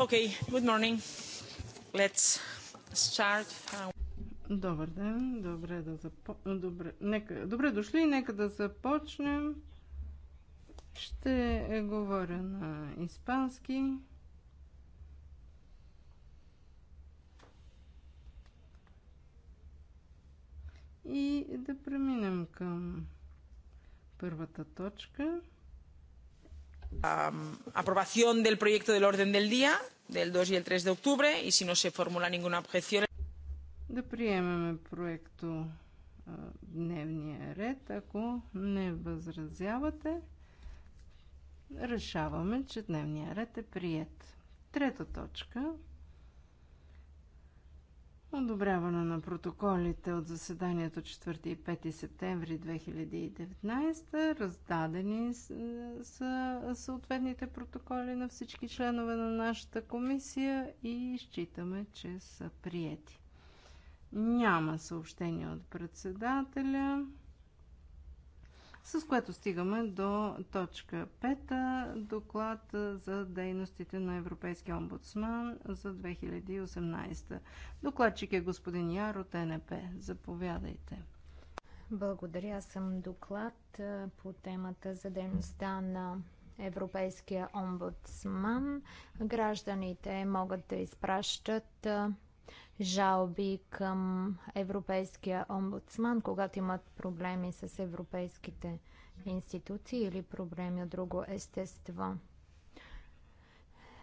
Okay, good morning. Let's start. Добър ден, добре да запо... добре, нека... добре дошли, нека да започнем. Ще говоря на испански. И да преминем към първата точка – Um, aprobación del proyecto del orden del día del 2 y el 3 de octubre y si no se formula ninguna objeción. Да приемем проекто дневния ред, ако не възразявате. Решаваме, че дневния ред е прият. Трета точка – Одобряване на протоколите от заседанието 4 и 5 септември 2019. Раздадени е, са съответните протоколи на всички членове на нашата комисия и считаме, че са приети. Няма съобщение от председателя. С което стигаме до точка 5, доклад за дейностите на Европейския омбудсман за 2018. Докладчик е господин Яр от НП. Заповядайте. Благодаря съм доклад по темата за дейността на Европейския омбудсман. Гражданите могат да изпращат жалби към Европейския омбудсман, когато имат проблеми с европейските институции или проблеми от друго естество.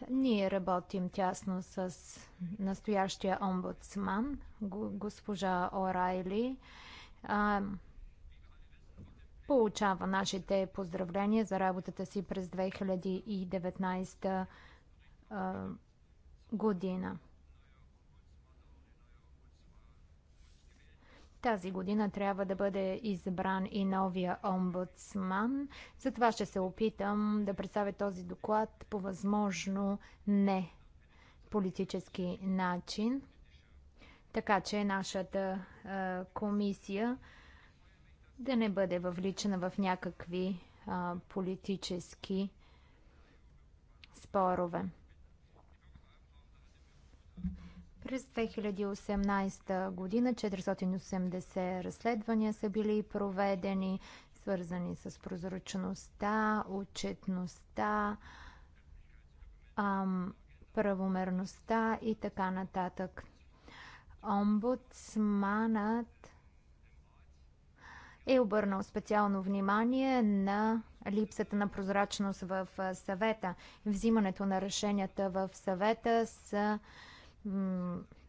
Ние работим тясно с настоящия омбудсман, госпожа Орайли. А, получава нашите поздравления за работата си през 2019 година. Тази година трябва да бъде избран и новия омбудсман. Затова ще се опитам да представя този доклад по възможно не политически начин. Така че нашата а, комисия да не бъде въвличана в някакви а, политически спорове. През 2018 година 480 разследвания са били проведени, свързани с прозрачността, отчетността, правомерността и така нататък. Омбудсманът е обърнал специално внимание на липсата на прозрачност в съвета. Взимането на решенията в съвета са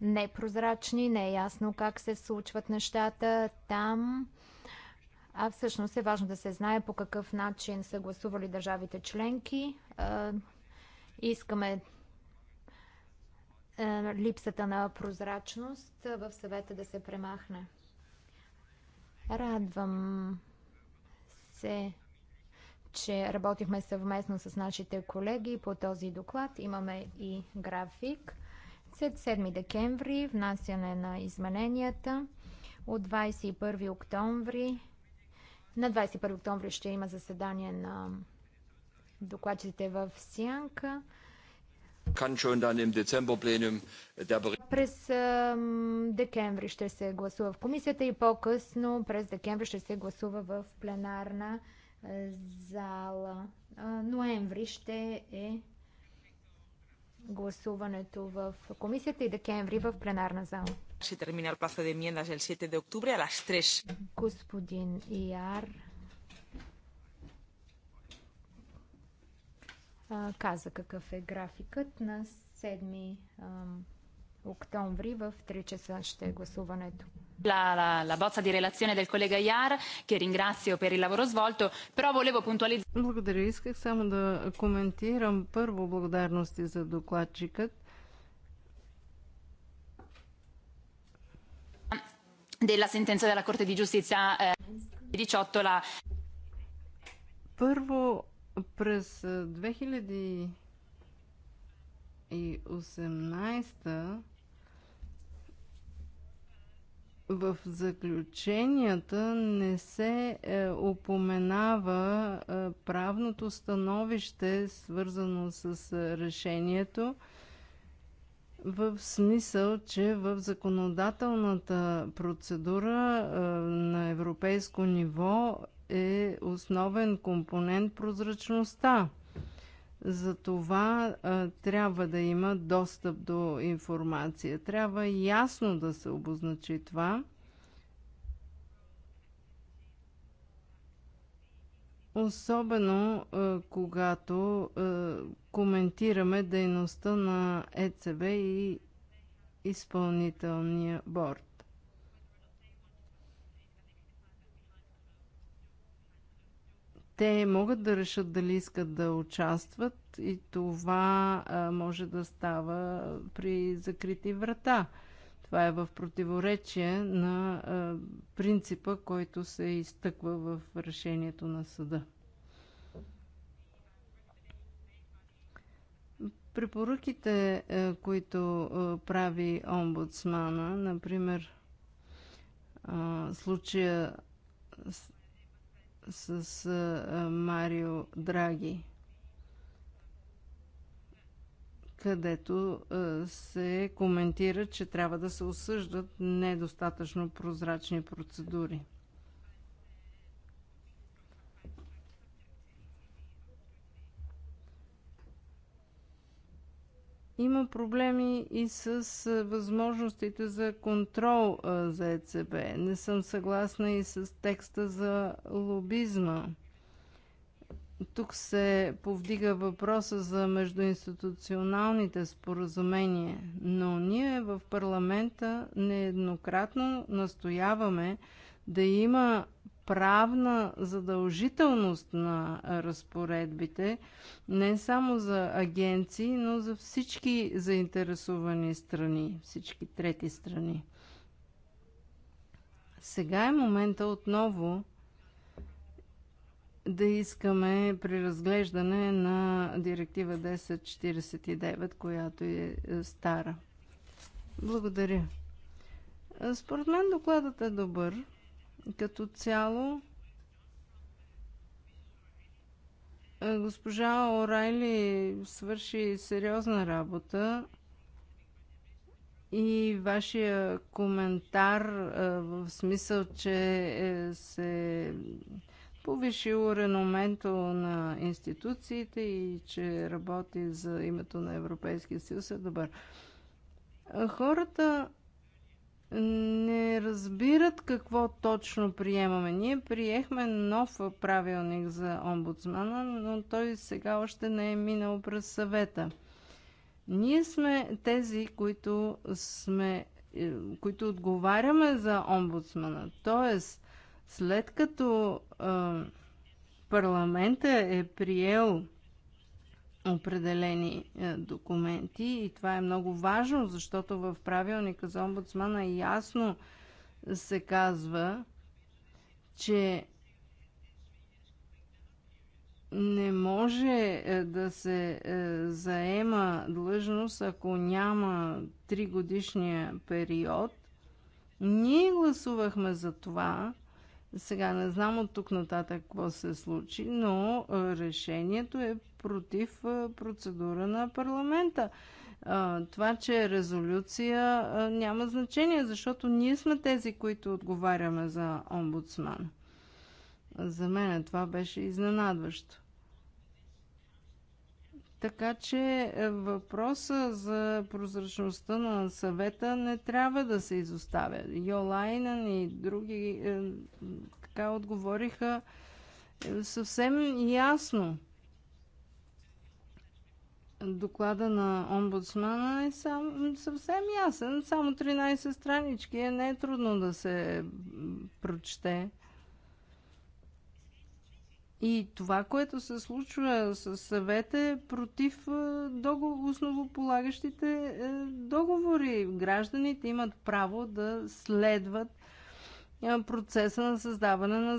непрозрачни, не е ясно как се случват нещата там. А всъщност е важно да се знае по какъв начин са гласували държавите членки. Искаме липсата на прозрачност в съвета да се премахне. Радвам се, че работихме съвместно с нашите колеги по този доклад. Имаме и график. След 7 декември внасяне на измененията. От 21 октомври на 21 октомври ще има заседание на докладчите в Сянка. През декември ще се гласува в комисията и по-късно през декември ще се гласува в пленарна зала. Ноември ще е гласуването в комисията и декември в пленарна зала. Ще термина el plazo de enmiendas el 7 de octubre a las 3. Господин Яр каза какъв е графикът на 7 октомври в 3 часа ще е гласуването. La, la, la bozza di relazione del collega Iar, che ringrazio per il lavoro svolto, però volevo puntualizzare. Благодаря. Исках само да коментирам първо благодарности за докладчикът. Della sentenza della Corte di Giustizia eh, 18 la... Първо, през 2018 в заключенията не се е, упоменава е, правното становище, свързано с е, решението, в смисъл, че в законодателната процедура е, на европейско ниво е основен компонент прозрачността. За това а, трябва да има достъп до информация. Трябва ясно да се обозначи това. Особено а, когато а, коментираме дейността на ЕЦБ и изпълнителния борт. те могат да решат дали искат да участват и това а, може да става при закрити врата. Това е в противоречие на а, принципа, който се изтъква в решението на съда. Препоръките, които прави омбудсмана, например, случая с Марио Драги, където се коментира, че трябва да се осъждат недостатъчно прозрачни процедури. Има проблеми и с възможностите за контрол за ЕЦБ. Не съм съгласна и с текста за лобизма. Тук се повдига въпроса за междуинституционалните споразумения, но ние в парламента нееднократно настояваме да има правна задължителност на разпоредбите, не само за агенции, но за всички заинтересовани страни, всички трети страни. Сега е момента отново да искаме при разглеждане на директива 1049, която е, е стара. Благодаря. Според мен докладът е добър като цяло. Госпожа Орайли свърши сериозна работа и вашия коментар в смисъл, че е, се повишило реномето на институциите и че работи за името на Европейския съюз е добър. Хората не разбират какво точно приемаме. Ние приехме нов правилник за омбудсмана, но той сега още не е минал през съвета. Ние сме тези, които, сме, е, които отговаряме за омбудсмана. Тоест, след като е, парламента е приел определени е, документи и това е много важно, защото в правилника за омбудсмана ясно се казва, че не може е, да се е, заема длъжност, ако няма 3 годишния период. Ние гласувахме за това. Сега не знам от тук нататък какво се случи, но решението е против процедура на парламента. Това, че е резолюция, няма значение, защото ние сме тези, които отговаряме за омбудсман. За мен това беше изненадващо. Така че е, въпроса за прозрачността на съвета не трябва да се изоставя. Йолайнан и други е, така отговориха е, съвсем ясно доклада на омбудсмана е сам, съвсем ясен. Само 13 странички е, не е трудно да се прочете. И това, което се случва с съвета е против е, договор, основополагащите е, договори. Гражданите имат право да следват процеса на създаване на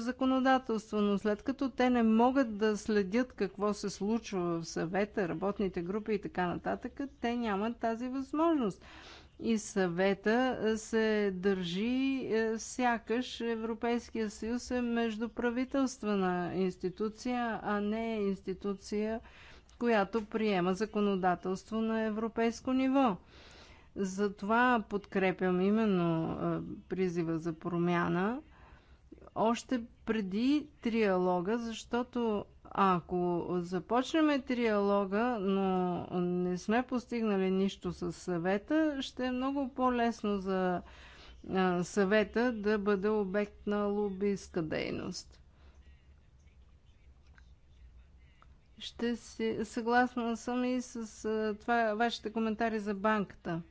законодателство, но след като те не могат да следят какво се случва в съвета, работните групи и така нататък, те нямат тази възможност. И съвета се държи сякаш Европейския съюз е междуправителствена институция, а не институция, която приема законодателство на европейско ниво. Затова подкрепям именно призива за промяна още преди триалога, защото ако започнем триалога, но не сме постигнали нищо с съвета, ще е много по-лесно за съвета да бъде обект на лобистка дейност. Ще си, съгласна съм и с това, вашите коментари за банката –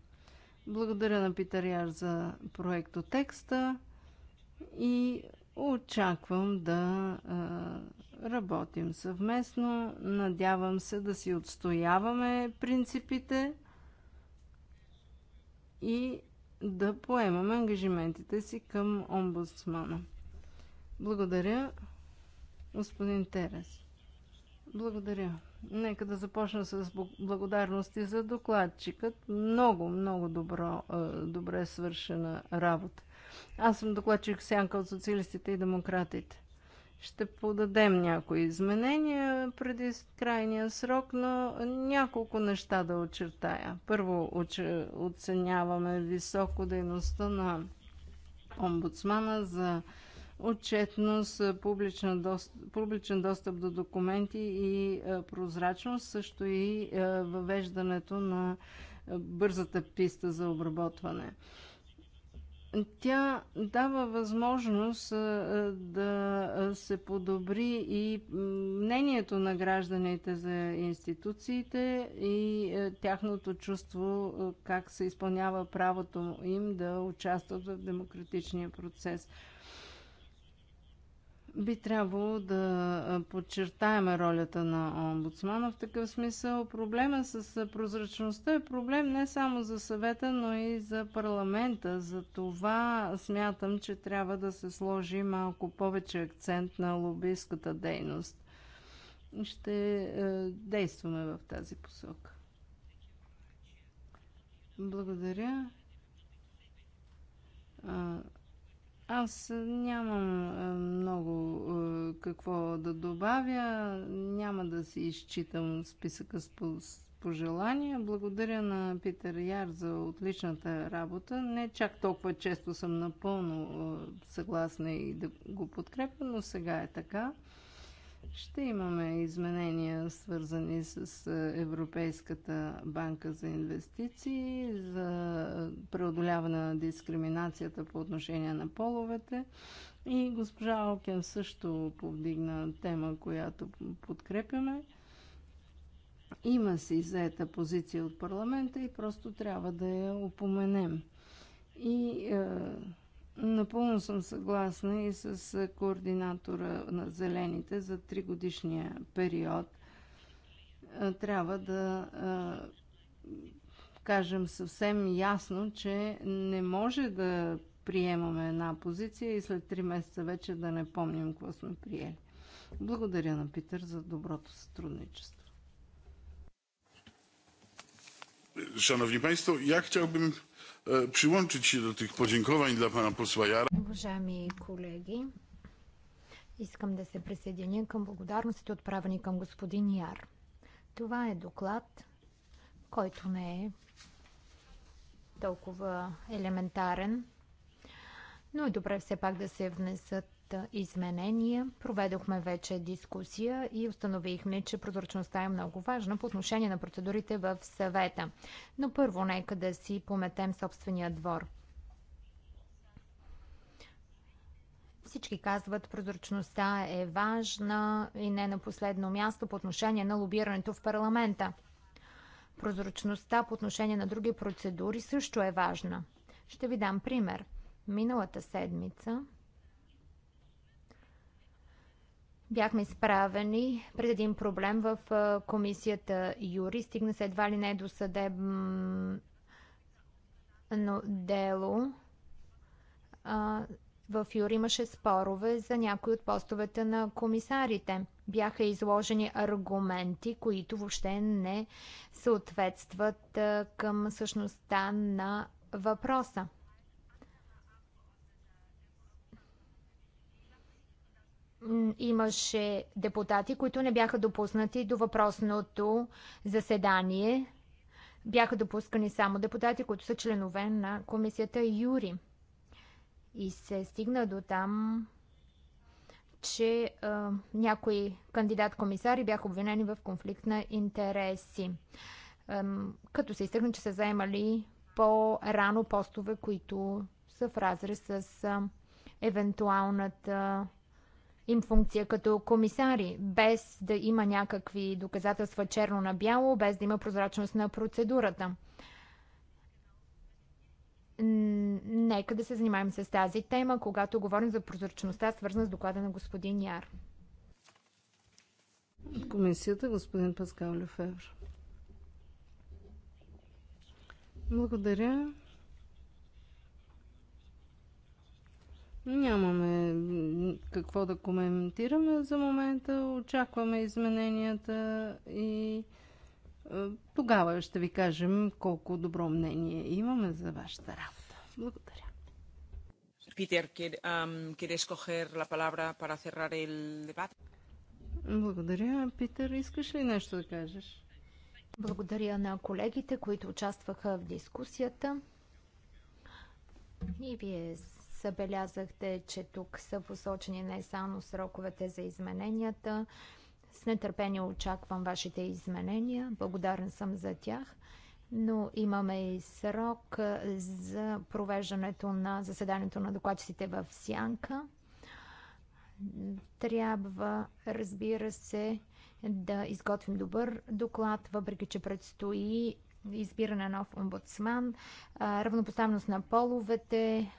благодаря на Питър Яр за проекто текста и очаквам да работим съвместно. Надявам се да си отстояваме принципите и да поемаме ангажиментите си към омбудсмана. Благодаря, господин Терес. Благодаря. Нека да започна с благодарности за докладчикът. Много, много добро, добре свършена работа. Аз съм докладчик Сянка от социалистите и демократите. Ще подадем някои изменения преди крайния срок, но няколко неща да очертая. Първо оценяваме високо дейността на омбудсмана за отчетност, публичен достъп, публичен достъп до документи и прозрачност, също и въвеждането на бързата писта за обработване. Тя дава възможност да се подобри и мнението на гражданите за институциите и тяхното чувство как се изпълнява правото им да участват в демократичния процес. Би трябвало да подчертаем ролята на омбудсмана в такъв смисъл. Проблема с прозрачността е проблем не само за съвета, но и за парламента. За това смятам, че трябва да се сложи малко повече акцент на лобийската дейност. Ще действаме в тази посока. Благодаря. Аз нямам е, много е, какво да добавя. Няма да си изчитам списъка с пожелания. Благодаря на Питер Яр за отличната работа. Не чак толкова често съм напълно е, съгласна и да го подкрепя, но сега е така. Ще имаме изменения, свързани с е, Европейската банка за инвестиции, за преодоляване на дискриминацията по отношение на половете. И госпожа Алкен също повдигна тема, която подкрепяме. Има си заета позиция от парламента и просто трябва да я упоменем. И е, Напълно съм съгласна и с координатора на зелените за тригодишния период. Трябва да кажем съвсем ясно, че не може да приемаме една позиция и след три месеца вече да не помним какво сме приели. Благодаря на Питър за доброто сътрудничество. Szanowni Państwo, ja chciałbym E, przyłączyć się do tych podziękowań dla pana posła Jara. Уважаеми колеги, искам да се присъединя към благодарностите отправени към господин Яр. Това е доклад, който не е толкова елементарен, но е добре все пак да се внесат изменения. Проведохме вече дискусия и установихме, че прозрачността е много важна по отношение на процедурите в съвета. Но първо нека да си пометем собствения двор. Всички казват, прозрачността е важна и не на последно място по отношение на лобирането в парламента. Прозрачността по отношение на други процедури също е важна. Ще ви дам пример. Миналата седмица бяхме изправени пред един проблем в комисията Юри. Стигна се едва ли не до съдебно дело. В Юри имаше спорове за някои от постовете на комисарите. Бяха изложени аргументи, които въобще не съответстват към същността на въпроса. имаше депутати, които не бяха допуснати до въпросното заседание. Бяха допускани само депутати, които са членове на комисията Юри. И се стигна до там, че е, някои кандидат-комисари бяха обвинени в конфликт на интереси. е, като се изтъкна, че са заемали по-рано постове, които са в разрез с е, евентуалната им функция като комисари, без да има някакви доказателства черно на бяло, без да има прозрачност на процедурата. Нека да се занимаем с тази тема, когато говорим за прозрачността, свързана с доклада на господин Яр. От комисията господин Паскал Лефевр. Благодаря. Нямаме какво да коментираме за момента. Очакваме измененията и тогава ще ви кажем колко добро мнение имаме за вашата работа. Благодаря. Питер, quieres coger la palabra para cerrar el debate? Благодаря. Питер, искаш ли нещо да кажеш? Благодаря на колегите, които участваха в дискусията. И вие Забелязахте, че тук са посочени не само сроковете за измененията. С нетърпение очаквам вашите изменения. Благодарен съм за тях. Но имаме и срок за провеждането на заседанието на докладчиците в Сянка. Трябва, разбира се, да изготвим добър доклад, въпреки че предстои избиране на нов омбудсман, равнопоставеност на половете,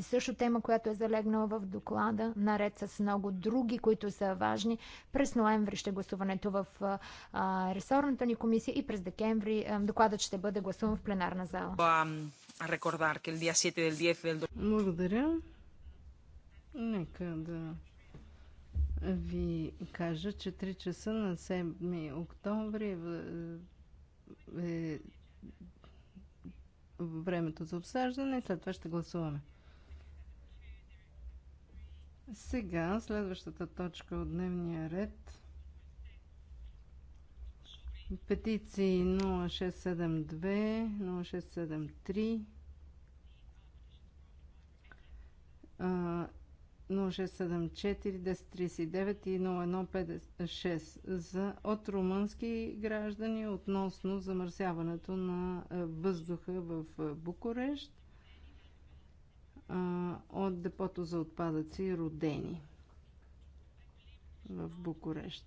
също тема, която е залегнала в доклада, наред с много други, които са важни. През ноември ще гласуването в а, ресорната ни комисия и през декември а, докладът ще бъде гласуван в пленарна зала. Благодаря. Нека да ви кажа, че 3 часа на 7 октомври е, е времето за обсаждане и след това ще гласуваме. Сега следващата точка от дневния ред. Петиции 0672, 0673 0674, 1039 и 0156 за, от румънски граждани относно замърсяването на е, въздуха в е, Букурещ от депото за отпадъци Родени в Букурещ.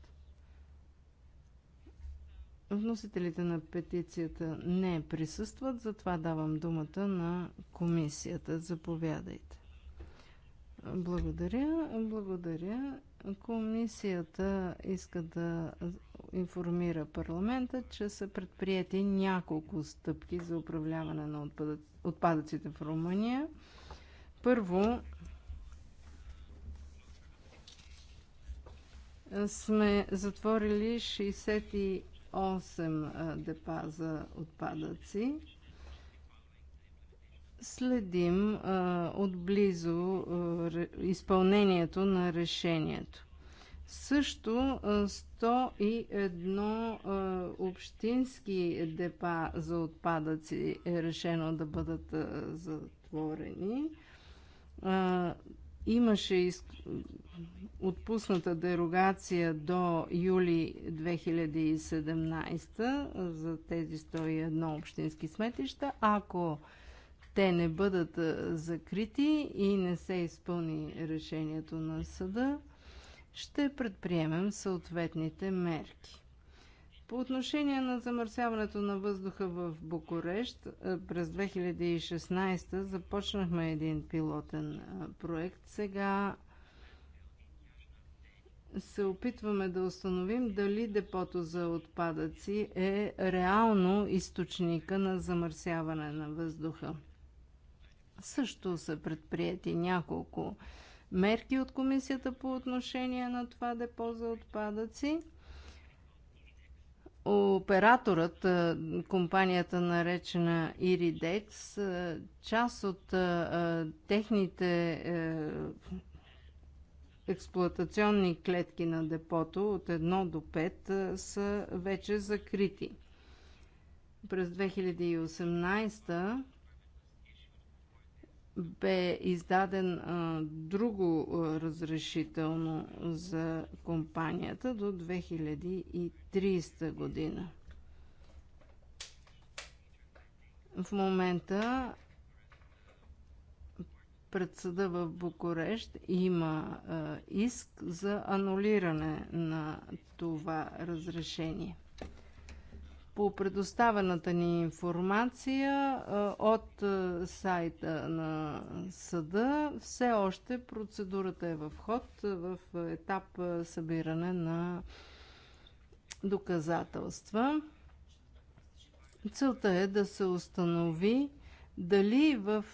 Вносителите на петицията не присъстват, затова давам думата на комисията. Заповядайте. Благодаря, благодаря. Комисията иска да информира парламента, че са предприяти няколко стъпки за управляване на отпадъците в Румъния. Първо, сме затворили 68 депа за отпадъци следим а, отблизо а, изпълнението на решението. Също 101 общински депа за отпадъци е решено да бъдат затворени. Имаше отпусната дерогация до юли 2017 за тези 101 общински сметища. Ако те не бъдат закрити и не се изпълни решението на съда, ще предприемем съответните мерки. По отношение на замърсяването на въздуха в Букурещ, през 2016 започнахме един пилотен проект. Сега се опитваме да установим дали депото за отпадъци е реално източника на замърсяване на въздуха. Също са предприяти няколко мерки от комисията по отношение на това депо за отпадъци. Операторът, компанията наречена Iridex, част от техните е, експлуатационни клетки на депото от 1 до 5 са вече закрити. През 2018 бе издаден а, друго а, разрешително за компанията до 2030 година. В момента пред съда в Букурещ има а, иск за анулиране на това разрешение по предоставената ни информация от сайта на съда. Все още процедурата е в ход, в етап събиране на доказателства. Целта е да се установи дали в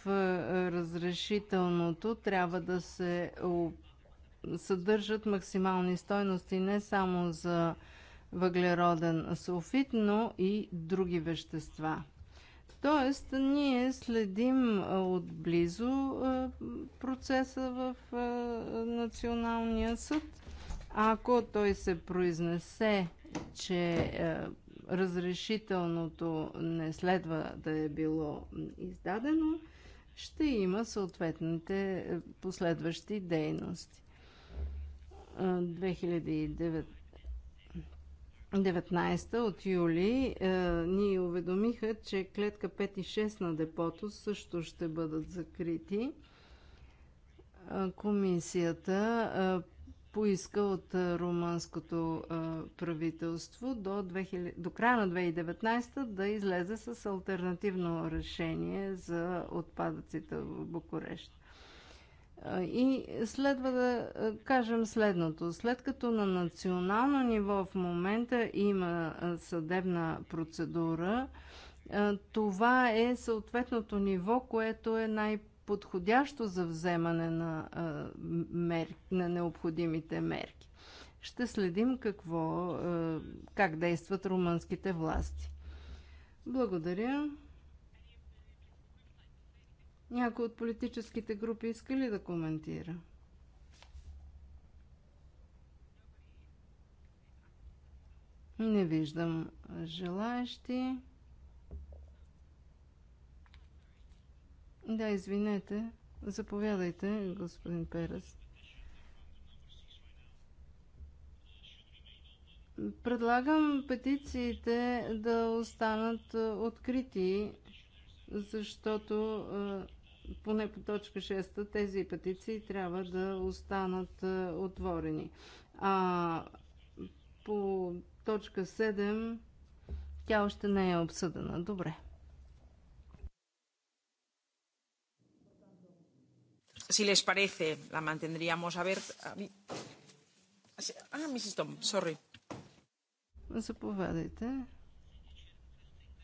разрешителното трябва да се съдържат максимални стойности не само за въглероден сулфид, но и други вещества. Тоест, ние следим отблизо процеса в Националния съд. Ако той се произнесе, че разрешителното не следва да е било издадено, ще има съответните последващи дейности. 2009 19 от юли е, ни уведомиха, че клетка 5 и 6 на депото също ще бъдат закрити. Е, комисията е, поиска от е, румънското е, правителство до, 2000, до края на 2019 да излезе с альтернативно решение за отпадъците в Букурещ. И следва да кажем следното. След като на национално ниво в момента има съдебна процедура, това е съответното ниво, което е най-подходящо за вземане на, мерки, на необходимите мерки. Ще следим какво, как действат румънските власти. Благодаря. Някой от политическите групи иска ли да коментира? Не виждам желаещи. Да, извинете. Заповядайте, господин Перес. Предлагам петициите да останат открити, защото е, поне по точка 6 тези петиции трябва да останат е, отворени. А по точка 7 тя още не е обсъдена. Добре. Si les parece, la mantendríamos abierta. Ah, mi Tom, sorry. Заповядайте.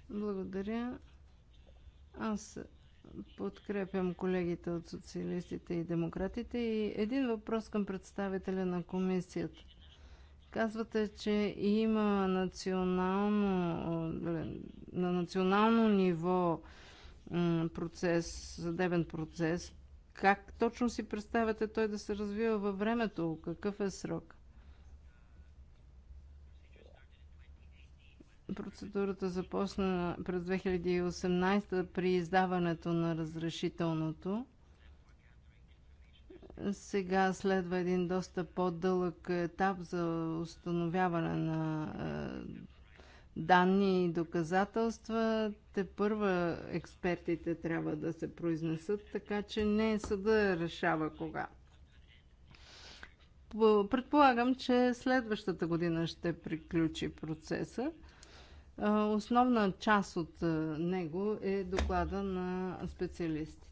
Благодаря. Аз Подкрепям колегите от социалистите и демократите. И един въпрос към представителя на комисията. Казвате, че има национално, на национално ниво процес, съдебен процес. Как точно си представяте той да се развива във времето? Какъв е срок? Процедурата започна през 2018 при издаването на разрешителното. Сега следва един доста по-дълъг етап за установяване на е, данни и доказателства. Те първа експертите трябва да се произнесат, така че не съда решава кога. Предполагам, че следващата година ще приключи процеса. Основна част от него е доклада на специалистите.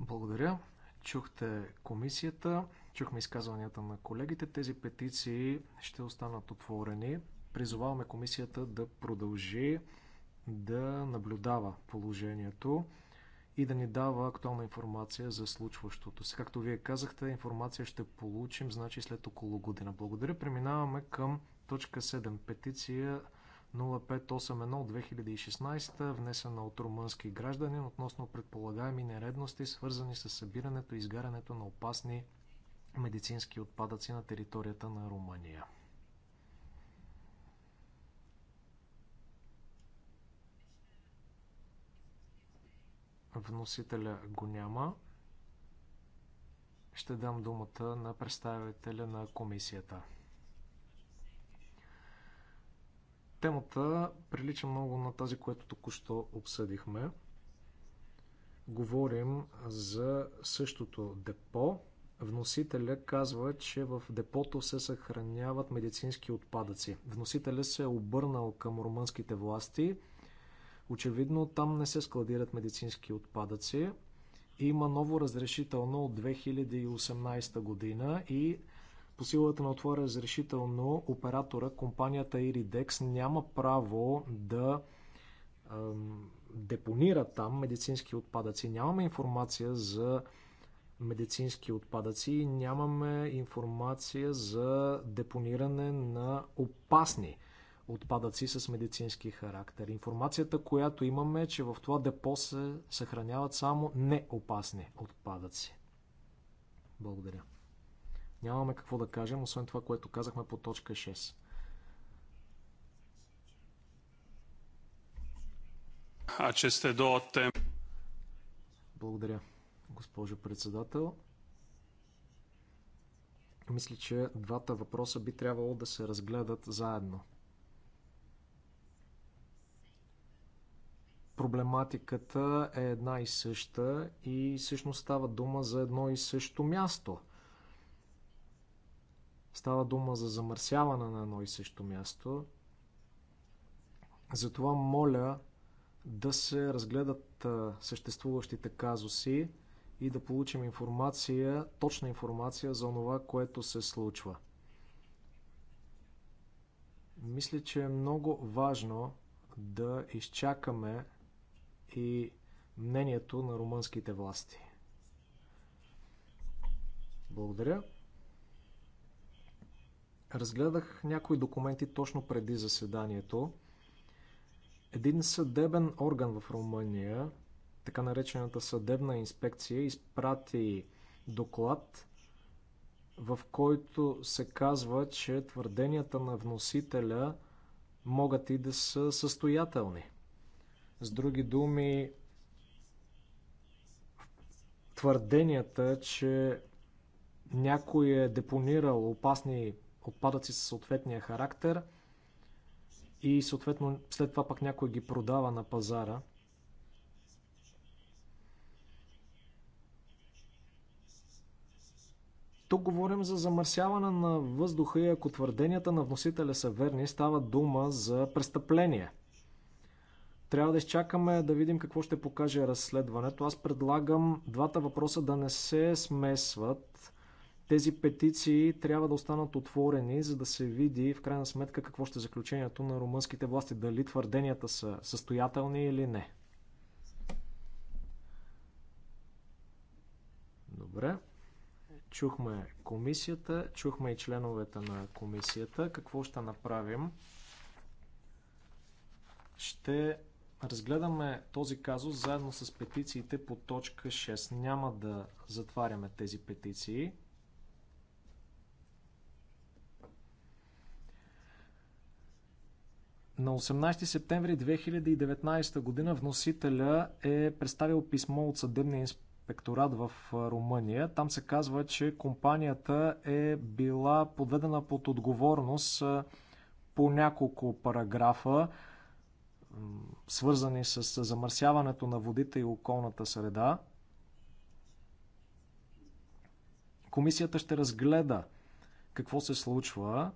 Благодаря. Чухте комисията, чухме изказванията на колегите. Тези петиции ще останат отворени. Призоваваме комисията да продължи да наблюдава положението и да ни дава актуална информация за случващото се. Както вие казахте, информация ще получим, значи след около година. Благодаря. Преминаваме към точка 7. Петиция 0581 от 2016, внесена от румънски граждани относно предполагаеми нередности, свързани с събирането и изгарянето на опасни медицински отпадъци на територията на Румъния. Вносителя го няма. Ще дам думата на представителя на комисията. Темата прилича много на тази, която току-що обсъдихме. Говорим за същото депо. Вносителя казва, че в депото се съхраняват медицински отпадъци. Вносителя се е обърнал към румънските власти – Очевидно там не се складират медицински отпадъци. Има ново разрешително от 2018 година и по силата на това разрешително оператора, компанията Iridex, няма право да е, депонира там медицински отпадъци. Нямаме информация за медицински отпадъци и нямаме информация за депониране на опасни отпадъци с медицински характер. Информацията, която имаме е, че в това депо се съхраняват само неопасни отпадъци. Благодаря. Нямаме какво да кажем, освен това, което казахме по точка 6. Aceste două тем. Благодаря, госпожо председател. Мисля, че двата въпроса би трябвало да се разгледат заедно. проблематиката е една и съща и всъщност става дума за едно и също място. Става дума за замърсяване на едно и също място. Затова моля да се разгледат съществуващите казуси и да получим информация, точна информация за това, което се случва. Мисля, че е много важно да изчакаме и мнението на румънските власти. Благодаря. Разгледах някои документи точно преди заседанието. Един съдебен орган в Румъния, така наречената съдебна инспекция, изпрати доклад, в който се казва, че твърденията на вносителя могат и да са състоятелни. С други думи, твърденията, че някой е депонирал опасни отпадъци със съответния характер и съответно след това пък някой ги продава на пазара. Тук говорим за замърсяване на въздуха и ако твърденията на вносителя са верни, става дума за престъпление – трябва да изчакаме да видим какво ще покаже разследването. Аз предлагам двата въпроса да не се смесват. Тези петиции трябва да останат отворени, за да се види в крайна сметка какво ще е заключението на румънските власти. Дали твърденията са състоятелни или не. Добре. Чухме комисията, чухме и членовете на комисията. Какво ще направим? Ще разгледаме този казус заедно с петициите по точка 6. Няма да затваряме тези петиции. На 18 септември 2019 година вносителя е представил писмо от съдебния инспекторат в Румъния. Там се казва, че компанията е била подведена под отговорност по няколко параграфа свързани с замърсяването на водите и околната среда. Комисията ще разгледа какво се случва,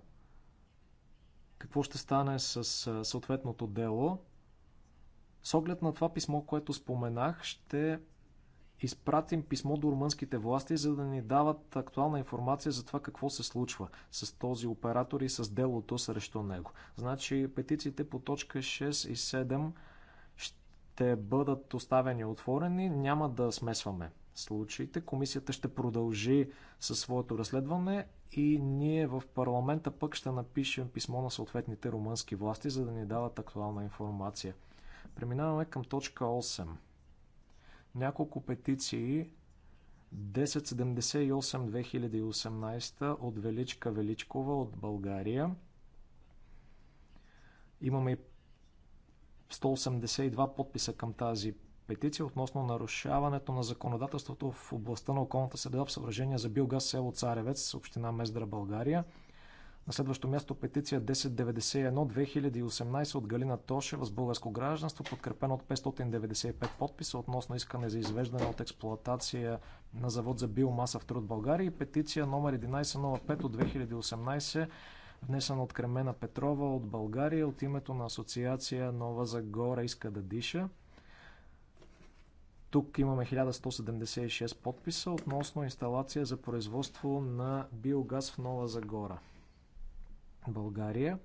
какво ще стане с съответното дело. С оглед на това писмо, което споменах, ще изпратим писмо до румънските власти, за да ни дават актуална информация за това какво се случва с този оператор и с делото срещу него. Значи петициите по точка 6 и 7 ще бъдат оставени отворени, няма да смесваме случаите. Комисията ще продължи със своето разследване и ние в парламента пък ще напишем писмо на съответните румънски власти, за да ни дават актуална информация. Преминаваме към точка 8 няколко петиции 1078-2018 от Величка Величкова от България. Имаме 182 подписа към тази петиция относно нарушаването на законодателството в областта на околната среда в съображение за биогаз село Царевец, община Мездра, България – на следващо място петиция 1091-2018 от Галина Тошева с българско гражданство, подкрепена от 595 подписа относно искане за извеждане от експлоатация на завод за биомаса в труд България и петиция номер 1105 от 2018 внесена от Кремена Петрова от България от името на Асоциация Нова Загора иска да диша. Тук имаме 1176 подписа относно инсталация за производство на биогаз в Нова Загора. България.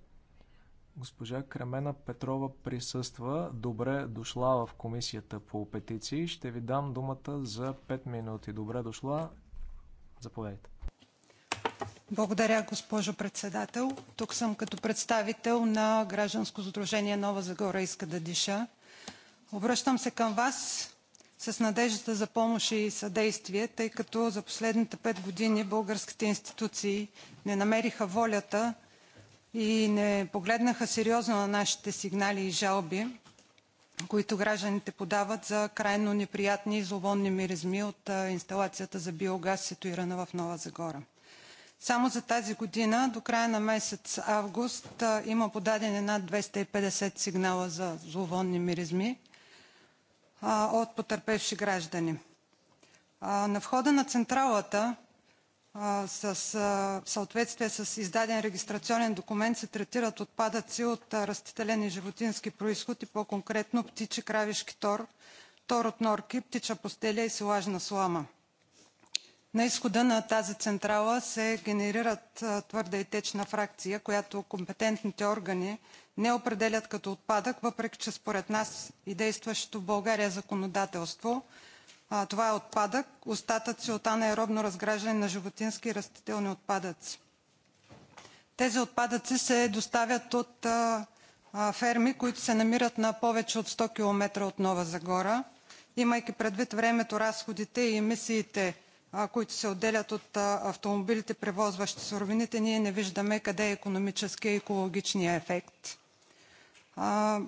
Госпожа Кремена Петрова присъства. Добре дошла в комисията по петиции. Ще ви дам думата за 5 минути. Добре дошла. Заповядайте. Благодаря, госпожо председател. Тук съм като представител на Гражданско задружение Нова Загора иска да диша. Обръщам се към вас с надеждата за помощ и съдействие, тъй като за последните пет години българските институции не намериха волята и не погледнаха сериозно на нашите сигнали и жалби, които гражданите подават за крайно неприятни и зловонни миризми от инсталацията за биогаз, ситуирана в Нова Загора. Само за тази година до края на месец август има подадени над 250 сигнала за зловонни миризми от потърпевши граждани. На входа на централата в съответствие с издаден регистрационен документ се третират отпадъци от растителен и животински происход и по-конкретно птичи, кравишки тор, тор от норки, птича постеля и силажна слама. На изхода на тази централа се генерират твърда и течна фракция, която компетентните органи не определят като отпадък, въпреки че според нас и действащото в България законодателство а, това е отпадък, остатъци от анаеробно разграждане на животински и растителни отпадъци. Тези отпадъци се доставят от а, а, ферми, които се намират на повече от 100 км от Нова Загора, имайки предвид времето, разходите и емисиите, а, които се отделят от а, автомобилите, превозващи суровините, ние не виждаме къде е економическия и екологичния ефект. А,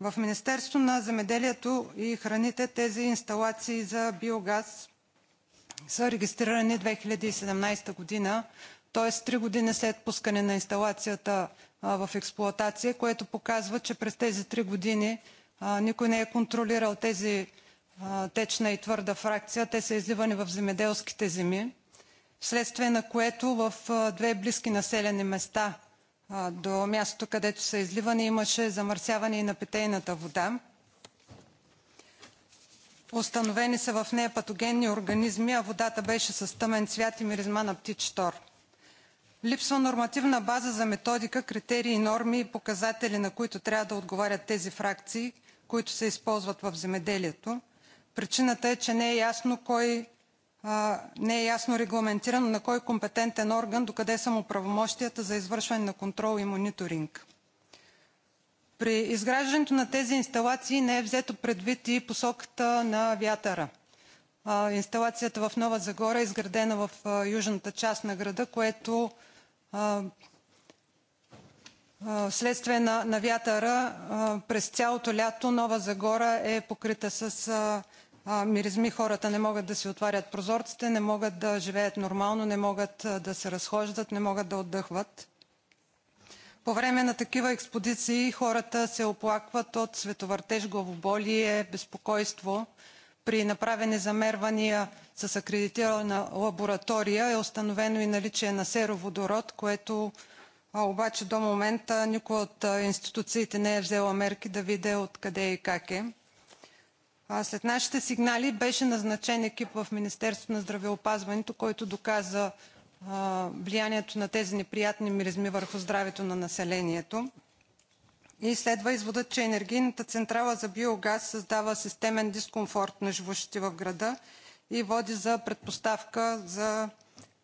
в Министерството на земеделието и храните тези инсталации за биогаз са регистрирани 2017 година, т.е. три години след пускане на инсталацията в експлоатация, което показва, че през тези три години никой не е контролирал тези течна и твърда фракция. Те са изливани в земеделските земи, вследствие на което в две близки населени места до мястото, където са изливани, имаше замърсяване и на питейната вода. Установени са в нея патогенни организми, а водата беше с тъмен цвят и миризма на птич тор. Липсва нормативна база за методика, критерии, норми и показатели, на които трябва да отговарят тези фракции, които се използват в земеделието. Причината е, че не е ясно кой не е ясно регламентирано на кой компетентен орган докъде са му правомощията за извършване на контрол и мониторинг. При изграждането на тези инсталации не е взето предвид и посоката на вятъра. Инсталацията в Нова Загора е изградена в южната част на града, което вследствие на вятъра през цялото лято Нова Загора е покрита с миризми, хората не могат да си отварят прозорците, не могат да живеят нормално, не могат да се разхождат, не могат да отдъхват. По време на такива експозиции хората се оплакват от световъртеж, главоболие, безпокойство. При направени замервания с акредитирана лаборатория е установено и наличие на сероводород, което а, обаче до момента никой от институциите не е взела мерки да види откъде и как е. След нашите сигнали беше назначен екип в Министерството на здравеопазването, който доказа влиянието на тези неприятни миризми върху здравето на населението. И следва изводът, че енергийната централа за биогаз създава системен дискомфорт на живущите в града и води за предпоставка за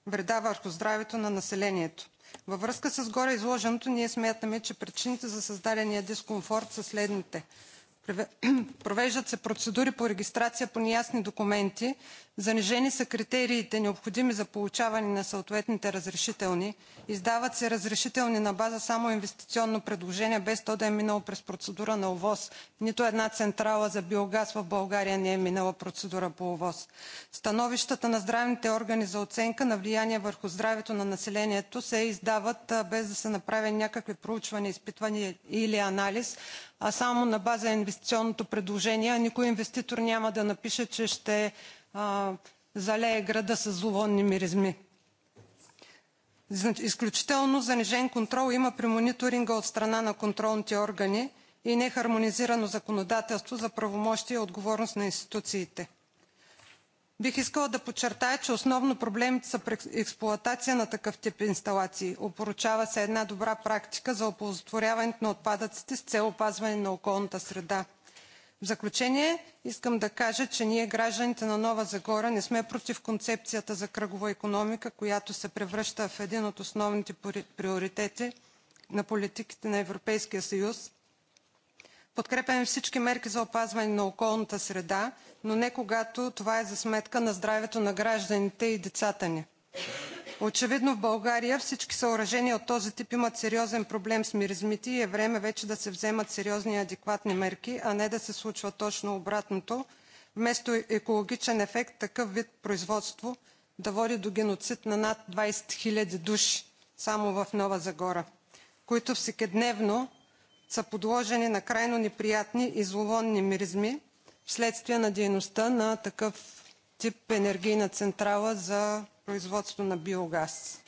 вреда върху здравето на населението. Във връзка с гореизложеното ние смятаме, че причините за създадения дискомфорт са следните. Провеждат се процедури по регистрация по неясни документи, занижени са критериите, необходими за получаване на съответните разрешителни, издават се разрешителни на база само инвестиционно предложение, без то да е минало през процедура на ОВОС. Нито една централа за биогаз в България не е минала процедура по ОВОС. Становищата на здравните органи за оценка на влияние върху здравето на населението се издават без да са направени някакви проучвания, изпитвания или анализ, а само на база инвестиционното предложение, а никой инвеститор няма да напише, че ще а, залее града с зловонни миризми. Значи, изключително занижен контрол има при мониторинга от страна на контролните органи и нехармонизирано законодателство за правомощие и отговорност на институциите. Бих искала да подчертая, че основно проблемите са при експлоатация на такъв тип инсталации. Опоручава се една добра практика за оползотворяването на отпадъците с цел опазване на околната среда. В заключение искам да кажа, че ние гражданите на Нова Загора не сме против концепцията за кръгова економика, която се превръща в един от основните приоритети на политиките на Европейския съюз. Подкрепяме всички мерки за опазване на околната среда, но не когато това е за сметка на здравето на гражданите и децата ни. Очевидно в България всички съоръжения от този тип имат сериозен проблем с миризмите и е време вече да се вземат сериозни и адекватни мерки, а не да се случва точно обратното – вместо екологичен ефект такъв вид производство да води до геноцид на над 20 000 души само в Нова Загора, които всекидневно са подложени на крайно неприятни и зловонни миризми, вследствие на дейността на такъв тип енергийна централа за производство на биогаз.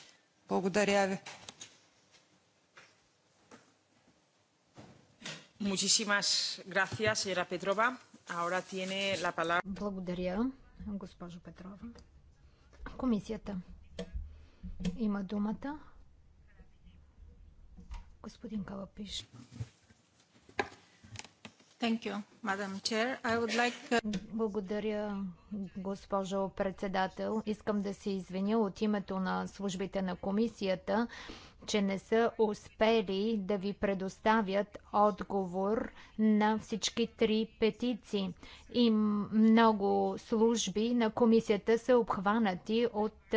Благодаря ви. Благодаря, госпожо Петрова. Комисията има думата. Господин Калапиш. You, like... Uh, Благодаря, госпожо председател. Искам да се извиня от името на службите на комисията, че не са успели да ви предоставят отговор на всички три петиции. И много служби на комисията са обхванати от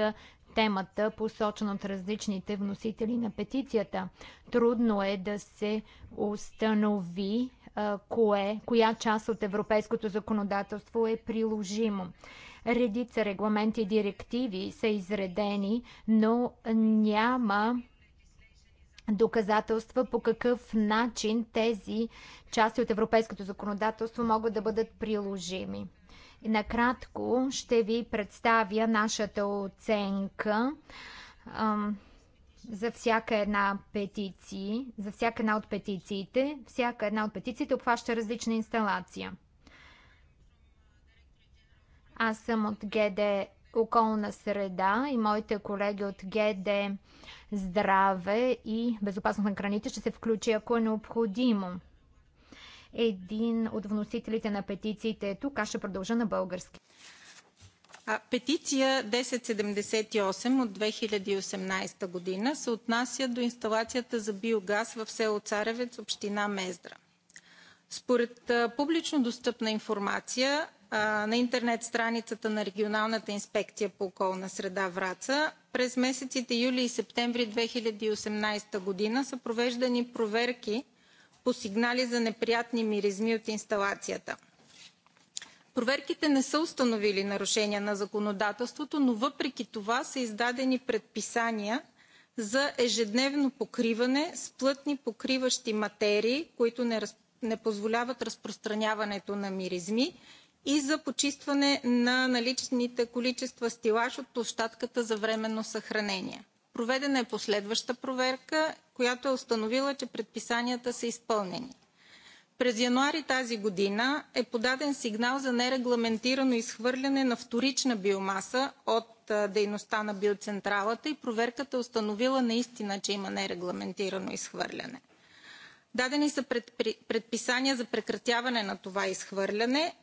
темата, посочена от различните вносители на петицията. Трудно е да се установи кое, коя част от европейското законодателство е приложимо. Редица регламенти и директиви са изредени, но няма доказателства по какъв начин тези части от европейското законодателство могат да бъдат приложими. Накратко ще ви представя нашата оценка за всяка една петиции, за всяка една от петициите. Всяка една от петициите обхваща различна инсталация. Аз съм от ГД околна среда и моите колеги от ГД здраве и безопасност на храните ще се включи, ако е необходимо. Един от вносителите на петициите е тук, аз ще продължа на български. Петиция 1078 от 2018 година се отнася до инсталацията за биогаз в село Царевец, община Мездра. Според публично достъпна информация на интернет страницата на Регионалната инспекция по околна среда Враца, през месеците юли и септември 2018 година са провеждани проверки по сигнали за неприятни миризми от инсталацията – Проверките не са установили нарушения на законодателството, но въпреки това са издадени предписания за ежедневно покриване с плътни покриващи материи, които не, раз... не позволяват разпространяването на миризми и за почистване на наличните количества стилаж от площадката за временно съхранение. Проведена е последваща проверка, която е установила, че предписанията са изпълнени. През януари тази година е подаден сигнал за нерегламентирано изхвърляне на вторична биомаса от дейността на биоцентралата и проверката е установила наистина, че има нерегламентирано изхвърляне. Дадени са предписания за прекратяване на това изхвърляне,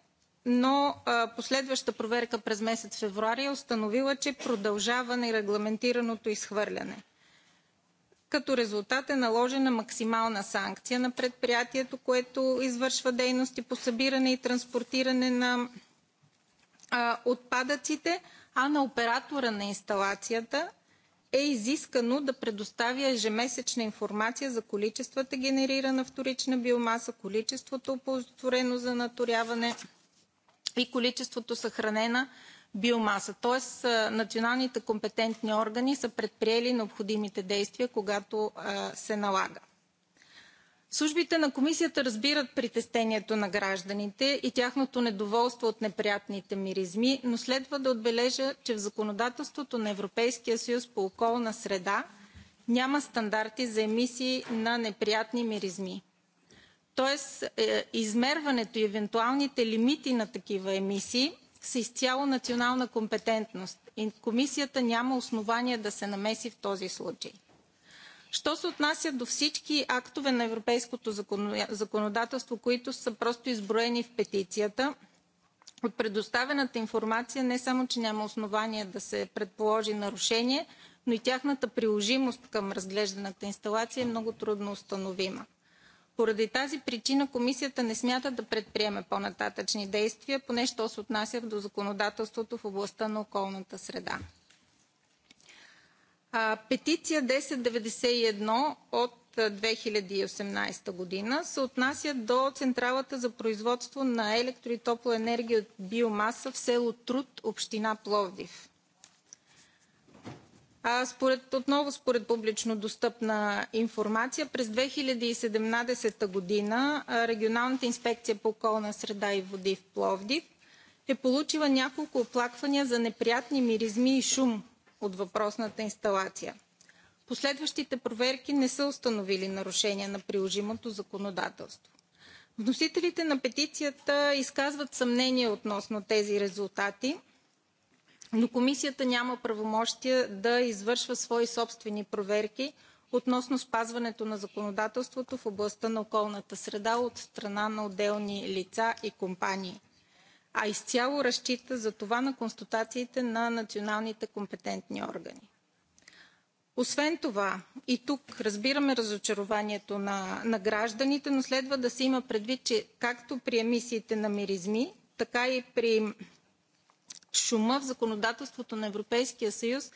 но последваща проверка през месец февруари е установила, че продължава нерегламентираното изхвърляне. Като резултат е наложена максимална санкция на предприятието, което извършва дейности по събиране и транспортиране на а, отпадъците, а на оператора на инсталацията е изискано да предоставя ежемесечна информация за количествата генерирана вторична биомаса, количеството оползотворено за наторяване и количеството съхранена биомаса. Тоест националните компетентни органи са предприели необходимите действия, когато се налага. Службите на комисията разбират притестението на гражданите и тяхното недоволство от неприятните миризми, но следва да отбележа, че в законодателството на Европейския съюз по околна среда няма стандарти за емисии на неприятни миризми. Тоест, е, измерването и евентуалните лимити на такива емисии – са изцяло национална компетентност и Комисията няма основание да се намеси в този случай. Що се отнася до всички актове на европейското законодателство, които са просто изброени в петицията, от предоставената информация не само, че няма основание да се предположи нарушение, но и тяхната приложимост към разглежданата инсталация е много трудно установима. Поради тази причина Комисията не смята да предприеме по-нататъчни действия, поне що се отнася до законодателството в областта на околната среда. Петиция 1091 от 2018 година се отнася до Централата за производство на електро и топлоенергия от биомаса в село Труд, община Пловдив. Според, отново според публично достъпна информация, през 2017 година Регионалната инспекция по околна среда и води в Пловдив е получила няколко оплаквания за неприятни миризми и шум от въпросната инсталация. Последващите проверки не са установили нарушения на приложимото законодателство. Вносителите на петицията изказват съмнение относно тези резултати – но комисията няма правомощия да извършва свои собствени проверки относно спазването на законодателството в областта на околната среда от страна на отделни лица и компании, а изцяло разчита за това на констатациите на националните компетентни органи. Освен това, и тук разбираме разочарованието на, на гражданите, но следва да се има предвид, че както при емисиите на миризми, така и при шума в законодателството на Европейския съюз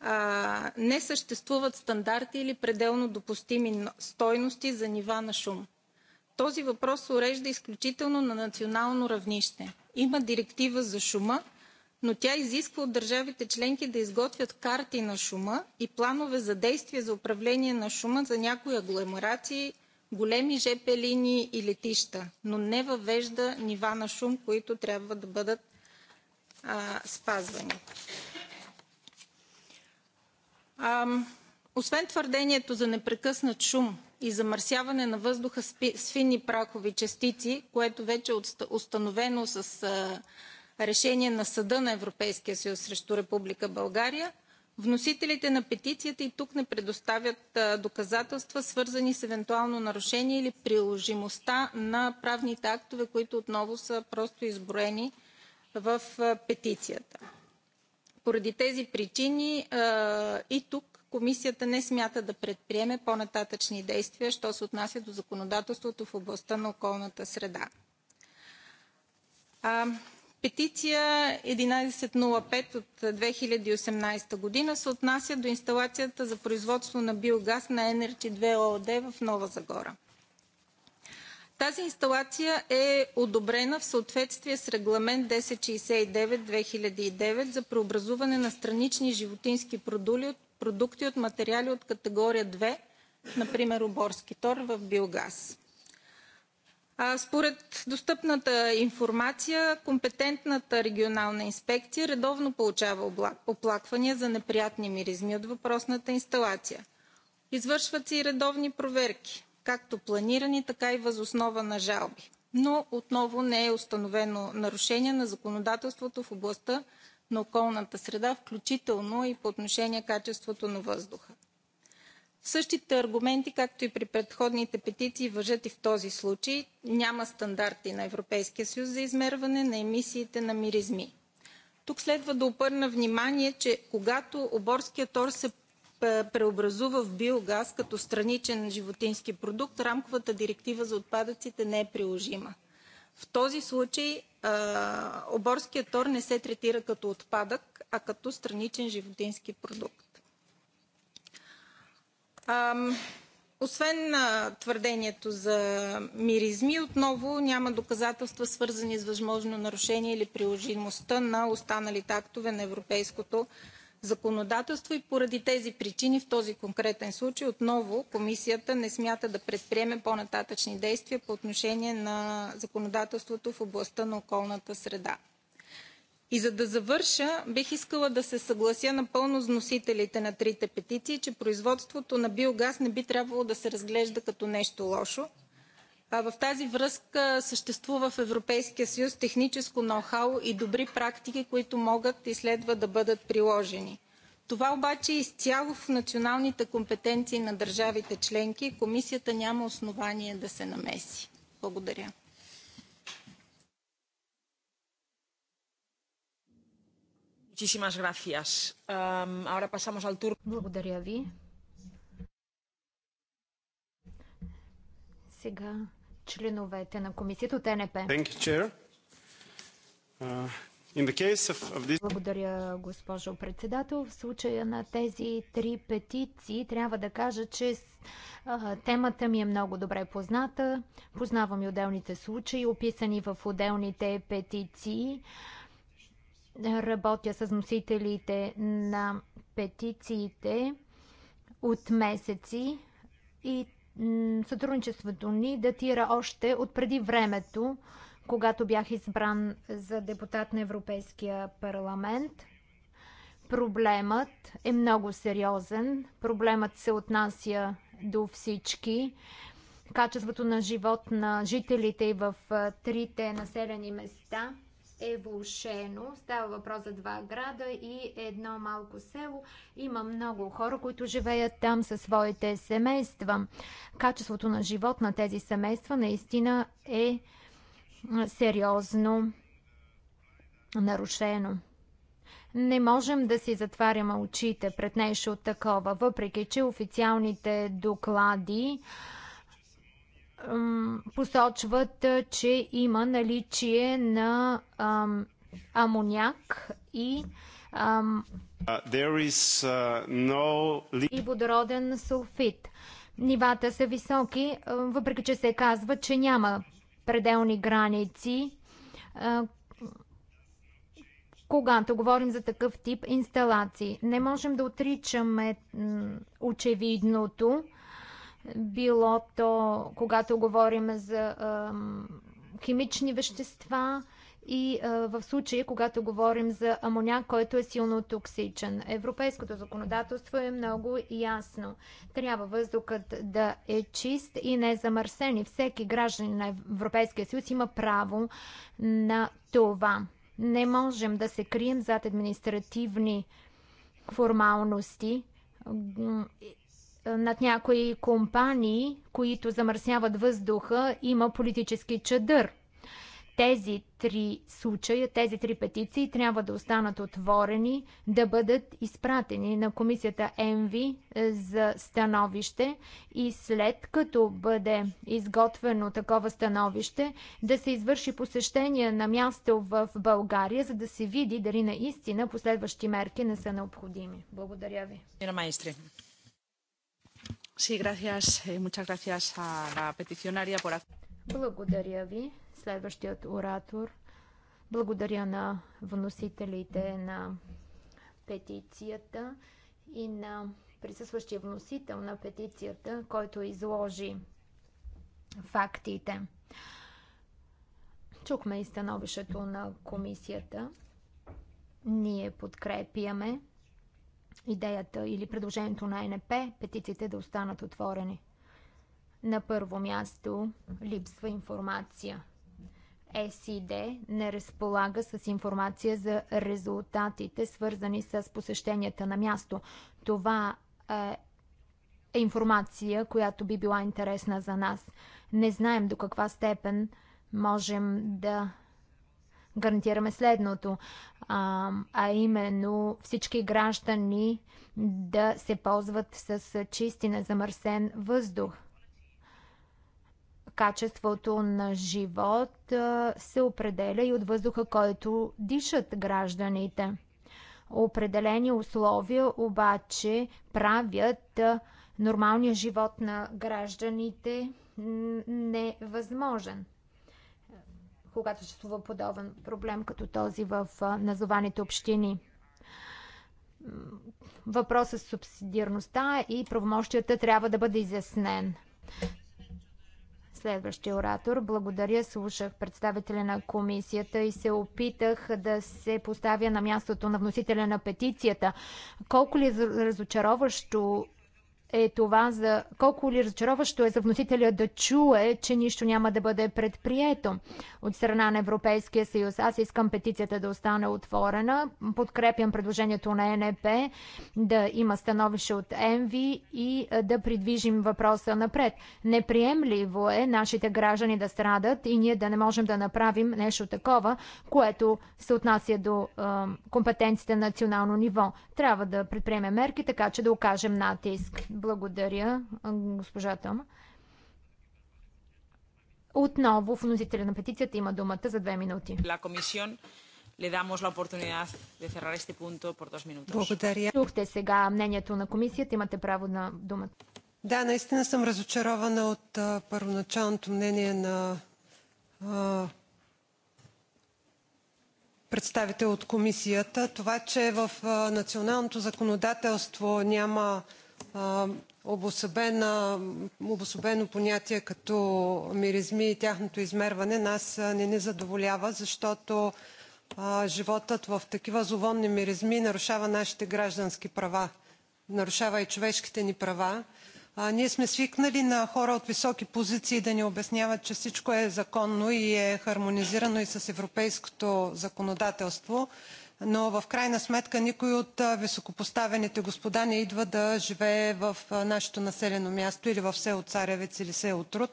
а, не съществуват стандарти или пределно допустими стойности за нива на шум. Този въпрос се урежда изключително на национално равнище. Има директива за шума, но тя изисква от държавите членки да изготвят карти на шума и планове за действие за управление на шума за някои агломерации, големи ЖП линии и летища, но не въвежда нива на шум, които трябва да бъдат спазвани. освен твърдението за непрекъснат шум и замърсяване на въздуха с фини прахови частици, което вече е установено с решение на Съда на Европейския съюз срещу Република България, вносителите на петицията и тук не предоставят доказателства, свързани с евентуално нарушение или приложимостта на правните актове, които отново са просто изброени – в петицията. Поради тези причини и тук комисията не смята да предприеме по-нататъчни действия, що се отнася до законодателството в областта на околната среда. Петиция 1105 от 2018 година се отнася до инсталацията за производство на биогаз на Енерджи 2 ООД в Нова Загора. Тази инсталация е одобрена в съответствие с Регламент 1069/2009 за преобразуване на странични животински продукти от материали от категория 2, например оборски тор, в биогаз. Според достъпната информация, компетентната регионална инспекция редовно получава оплаквания за неприятни миризми от въпросната инсталация. Извършват се и редовни проверки както планирани, така и въз основа на жалби. Но отново не е установено нарушение на законодателството в областта на околната среда, включително и по отношение качеството на въздуха. Същите аргументи, както и при предходните петиции, въжат и в този случай. Няма стандарти на Европейския съюз за измерване на емисиите на миризми. Тук следва да обърна внимание, че когато оборският тор се преобразува в биогаз като страничен животински продукт, рамковата директива за отпадъците не е приложима. В този случай оборският тор не се третира като отпадък, а като страничен животински продукт. Освен твърдението за миризми, отново няма доказателства, свързани с възможно нарушение или приложимостта на останалите актове на Европейското законодателство и поради тези причини в този конкретен случай отново Комисията не смята да предприеме по нататъчни действия по отношение на законодателството в областта на околната среда. И за да завърша, бих искала да се съглася напълно с носителите на трите петиции, че производството на биогаз не би трябвало да се разглежда като нещо лошо, в тази връзка съществува в Европейския съюз техническо ноу-хау и добри практики, които могат и следва да бъдат приложени. Това обаче е изцяло в националните компетенции на държавите членки и комисията няма основание да се намеси. Благодаря. Благодаря ви. Сега членовете на комисията от НП. Uh, this... Благодаря, госпожо председател. В случая на тези три петиции трябва да кажа, че uh, темата ми е много добре позната. Познавам и отделните случаи, описани в отделните петиции. Работя с носителите на петициите от месеци и сътрудничеството ни датира още от преди времето, когато бях избран за депутат на Европейския парламент. Проблемът е много сериозен. Проблемът се отнася до всички. Качеството на живот на жителите и в трите населени места – е вълшено. Става въпрос за два града и едно малко село. Има много хора, които живеят там със своите семейства. Качеството на живот на тези семейства наистина е сериозно нарушено. Не можем да си затваряме очите пред нещо такова, въпреки че официалните доклади а, посочват, че има наличие на ам, амоняк и ам, uh, is, uh, no... и водороден сулфит. Нивата са високи, въпреки че се казва, че няма пределни граници, когато говорим за такъв тип инсталации. Не можем да отричаме очевидното, било то когато говорим за а, химични вещества и а, в случая, когато говорим за амоняк, който е силно токсичен. Европейското законодателство е много ясно. Трябва въздухът да е чист и не замърсен и всеки гражданин на Европейския съюз има право на това. Не можем да се крием зад административни формалности над някои компании, които замърсяват въздуха, има политически чадър. Тези три случая, тези три петиции трябва да останат отворени, да бъдат изпратени на комисията ЕНВИ за становище и след като бъде изготвено такова становище, да се извърши посещение на място в България, за да се види дали наистина последващи мерки не са необходими. Благодаря ви. Sí, gracias. Eh, muchas gracias a la peticionaria por... Благодаря ви. Следващият оратор. Благодаря на вносителите на петицията и на присъстващия вносител на петицията, който изложи фактите. Чухме и становището на комисията. Ние подкрепяме идеята или предложението на НП петициите да останат отворени. На първо място липсва информация. Е СИД не разполага с информация за резултатите, свързани с посещенията на място. Това е, е информация, която би била интересна за нас. Не знаем до каква степен можем да гарантираме следното, а, а именно всички граждани да се ползват с чист и незамърсен въздух. Качеството на живот се определя и от въздуха, който дишат гражданите. Определени условия обаче правят нормалния живот на гражданите невъзможен когато съществува подобен проблем като този в назованите общини. Въпросът с е субсидиарността и правомощията трябва да бъде изяснен. Следващия оратор. Благодаря, слушах представителя на комисията и се опитах да се поставя на мястото на вносителя на петицията. Колко ли е разочароващо е това за колко ли разочароващо е за вносителя да чуе, че нищо няма да бъде предприето от страна на Европейския съюз. Аз искам петицията да остане отворена. Подкрепям предложението на НП да има становище от ЕНВИ и да придвижим въпроса напред. Неприемливо е нашите граждани да страдат и ние да не можем да направим нещо такова, което се отнася до компетенциите на национално ниво. Трябва да предприемем мерки, така че да окажем натиск. Благодаря, госпожа Тома. Отново вносителя на петицията има думата за две минути. Благодаря. Чухте сега мнението на комисията, имате право на думата. Да, наистина съм разочарована от а, първоначалното мнение на а, представител от комисията. Това, че в а, националното законодателство няма обособена, обособено понятие като миризми и тяхното измерване нас не ни задоволява, защото а, животът в такива зловонни миризми нарушава нашите граждански права, нарушава и човешките ни права. А, ние сме свикнали на хора от високи позиции да ни обясняват, че всичко е законно и е хармонизирано и с европейското законодателство но в крайна сметка никой от високопоставените господа не идва да живее в нашето населено място или в село Царевец или село Труд,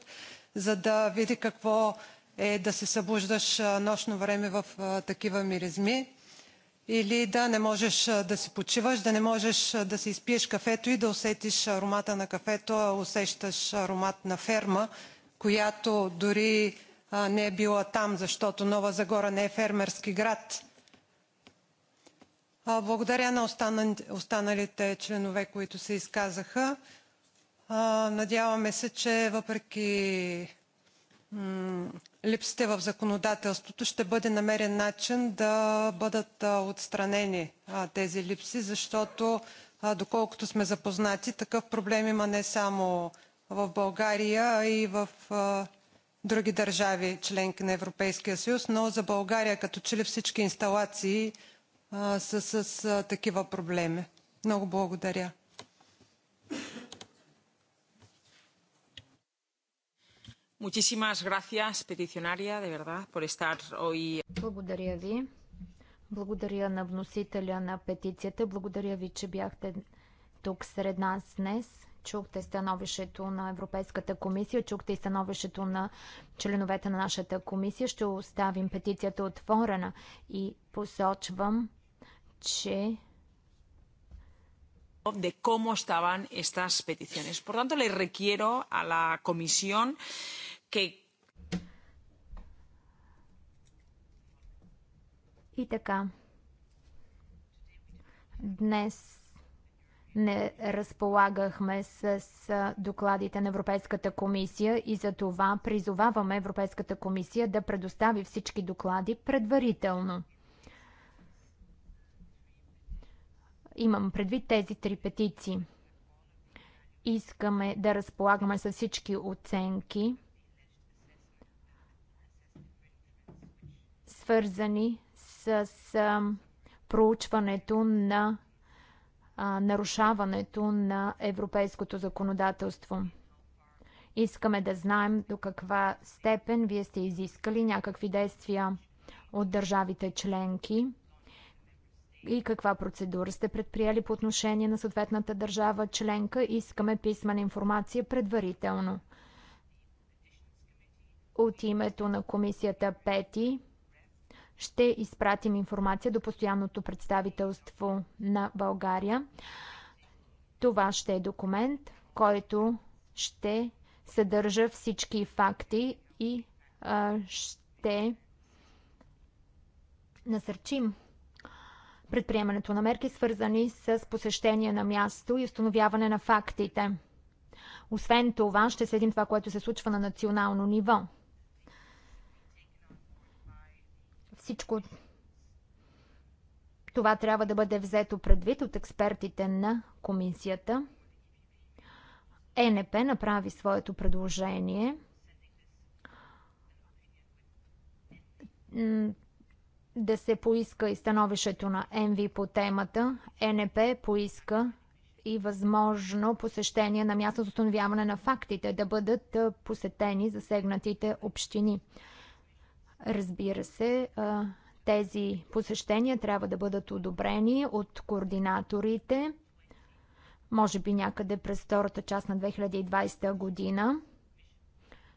за да види какво е да се събуждаш нощно време в такива миризми или да не можеш да си почиваш, да не можеш да си изпиеш кафето и да усетиш аромата на кафето, а усещаш аромат на ферма, която дори не е била там, защото Нова Загора не е фермерски град благодаря на останалите членове, които се изказаха. Надяваме се, че въпреки липсите в законодателството ще бъде намерен начин да бъдат отстранени тези липси, защото доколкото сме запознати, такъв проблем има не само в България, а и в други държави – членки на Европейския съюз, но за България като че ли всички инсталации са с такива проблеми. Много благодаря. Muchísimas gracias, peticionaria, de verdad, por estar hoy. Благодаря ви. Благодаря на вносителя на петицията. Благодаря ви, че бяхте тук сред нас днес. Чухте становището на Европейската комисия, чухте и становището на членовете на нашата комисия. Ще оставим петицията отворена и посочвам che. de cómo estaban estas peticiones. Por tanto, le requiero a la comisión que. И така. Днес не разполагахме с докладите на Европейската комисия и за това призоваваме Европейската комисия да предостави всички доклади предварително. Имам предвид тези три петиции. Искаме да разполагаме с всички оценки, свързани с проучването на а, нарушаването на европейското законодателство. Искаме да знаем до каква степен вие сте изискали някакви действия от държавите членки и каква процедура сте предприели по отношение на съответната държава членка. Искаме писмена информация предварително. От името на комисията Пети ще изпратим информация до постоянното представителство на България. Това ще е документ, който ще съдържа всички факти и а, ще насърчим предприемането на мерки, свързани с посещение на място и установяване на фактите. Освен това, ще следим това, което се случва на национално ниво. Всичко това трябва да бъде взето предвид от експертите на комисията. ЕНП направи своето предложение да се поиска и становището на ЕНВИ по темата. НП поиска и възможно посещение на място за установяване на фактите, да бъдат посетени засегнатите общини. Разбира се, тези посещения трябва да бъдат одобрени от координаторите, може би някъде през втората част на 2020 година.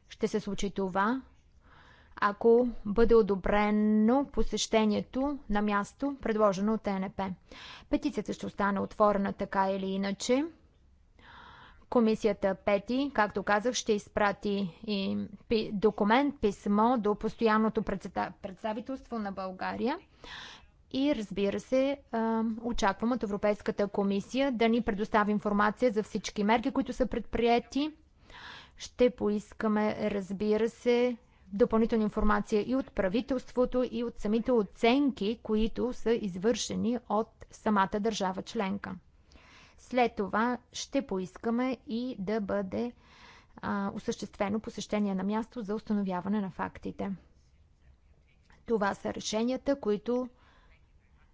Ще се случи това ако бъде одобрено посещението на място, предложено от ЕНП. Петицията ще остане отворена така или иначе. Комисията Пети, както казах, ще изпрати и документ, писмо до постоянното представителство на България. И разбира се, очаквам от Европейската комисия да ни предостави информация за всички мерки, които са предприяти. Ще поискаме, разбира се, допълнителна информация и от правителството, и от самите оценки, които са извършени от самата държава членка. След това ще поискаме и да бъде а, осъществено посещение на място за установяване на фактите. Това са решенията, които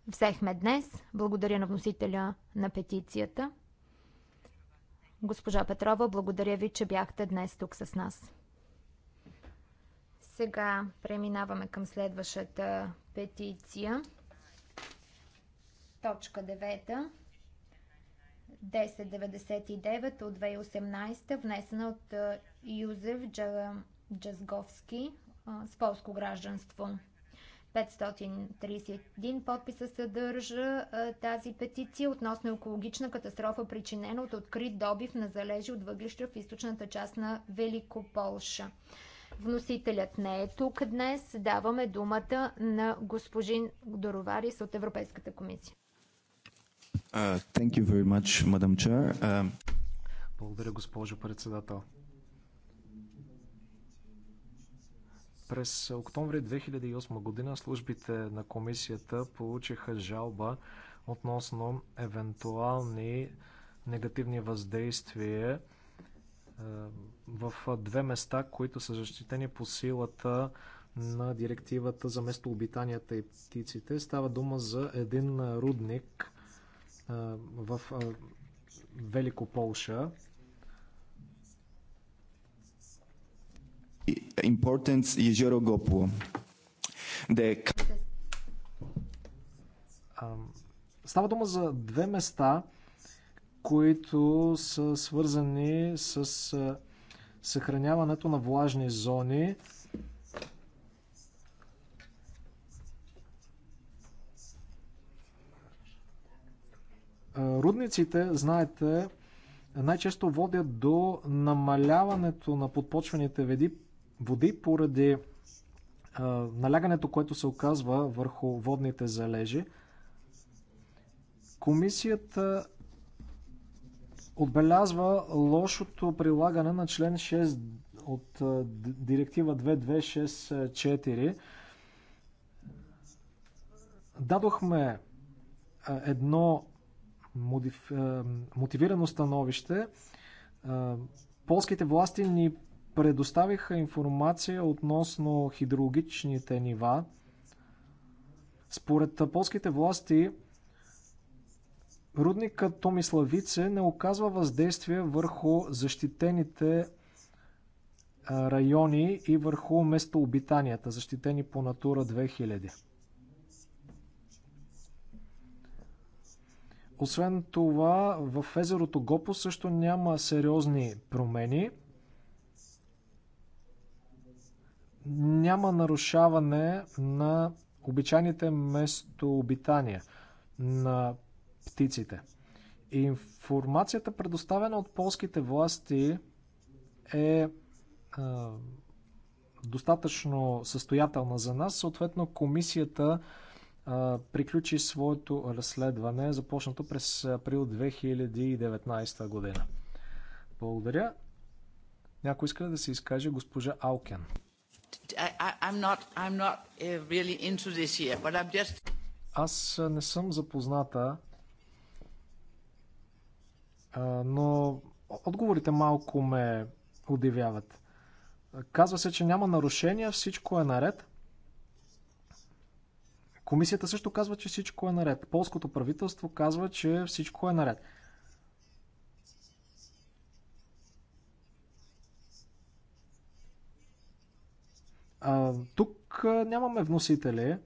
взехме днес. Благодаря на вносителя на петицията. Госпожа Петрова, благодаря ви, че бяхте днес тук с нас. Сега преминаваме към следващата петиция. Точка 9. 1099 от 2018, внесена от Юзеф Джазговски с полско гражданство. 531 подписа съдържа тази петиция относно екологична катастрофа, причинена от открит добив на залежи от въглища в източната част на Великополша. Полша. Вносителят не е тук днес. Даваме думата на господин Дороварис от Европейската комисия. Uh, thank you very much, Madam Chair. Uh... Благодаря, госпожо председател. През октомври 2008 година службите на комисията получиха жалба относно евентуални негативни въздействия в две места, които са защитени по силата на директивата за местообитанията и птиците. Става дума за един рудник в Велико Полша. Jezero Става дума за две места, които са свързани с съхраняването на влажни зони. Рудниците, знаете, най-често водят до намаляването на подпочвените води, поради налягането, което се оказва върху водните залежи. Комисията отбелязва лошото прилагане на член 6 от директива 2264. Дадохме едно мотивирано становище. Полските власти ни предоставиха информация относно хидрологичните нива. Според полските власти, Рудникът Томиславице не оказва въздействие върху защитените райони и върху местообитанията, защитени по Натура 2000. Освен това, в езерото Гопо също няма сериозни промени. Няма нарушаване на обичайните местообитания на птиците. Информацията, предоставена от полските власти, е, е достатъчно състоятелна за нас. Съответно, комисията е, приключи своето разследване, започнато през април 2019 година. Благодаря. Някой иска да се изкаже госпожа Алкен. Аз не съм запозната но отговорите малко ме удивяват. Казва се, че няма нарушения, всичко е наред. Комисията също казва, че всичко е наред. Полското правителство казва, че всичко е наред. А, тук нямаме вносители.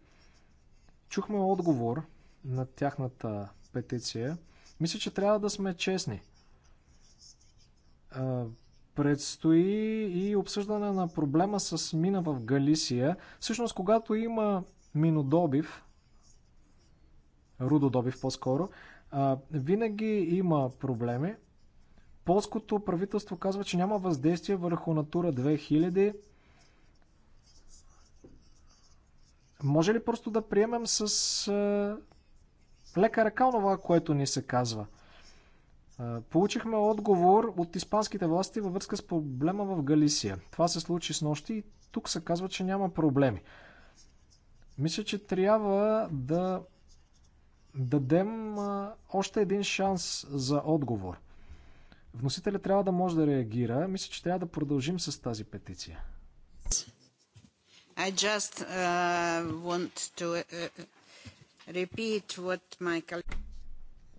Чухме отговор на тяхната петиция. Мисля, че трябва да сме честни. Предстои и обсъждане на проблема с мина в Галисия. Всъщност, когато има минодобив, рудодобив по-скоро, винаги има проблеми. Полското правителство казва, че няма въздействие върху Натура 2000. Може ли просто да приемем с лека ръка това, което ни се казва. Получихме отговор от испанските власти във връзка с проблема в Галисия. Това се случи с нощи и тук се казва, че няма проблеми. Мисля, че трябва да дадем още един шанс за отговор. Вносителя трябва да може да реагира. Мисля, че трябва да продължим с тази петиция. I just uh, want to uh,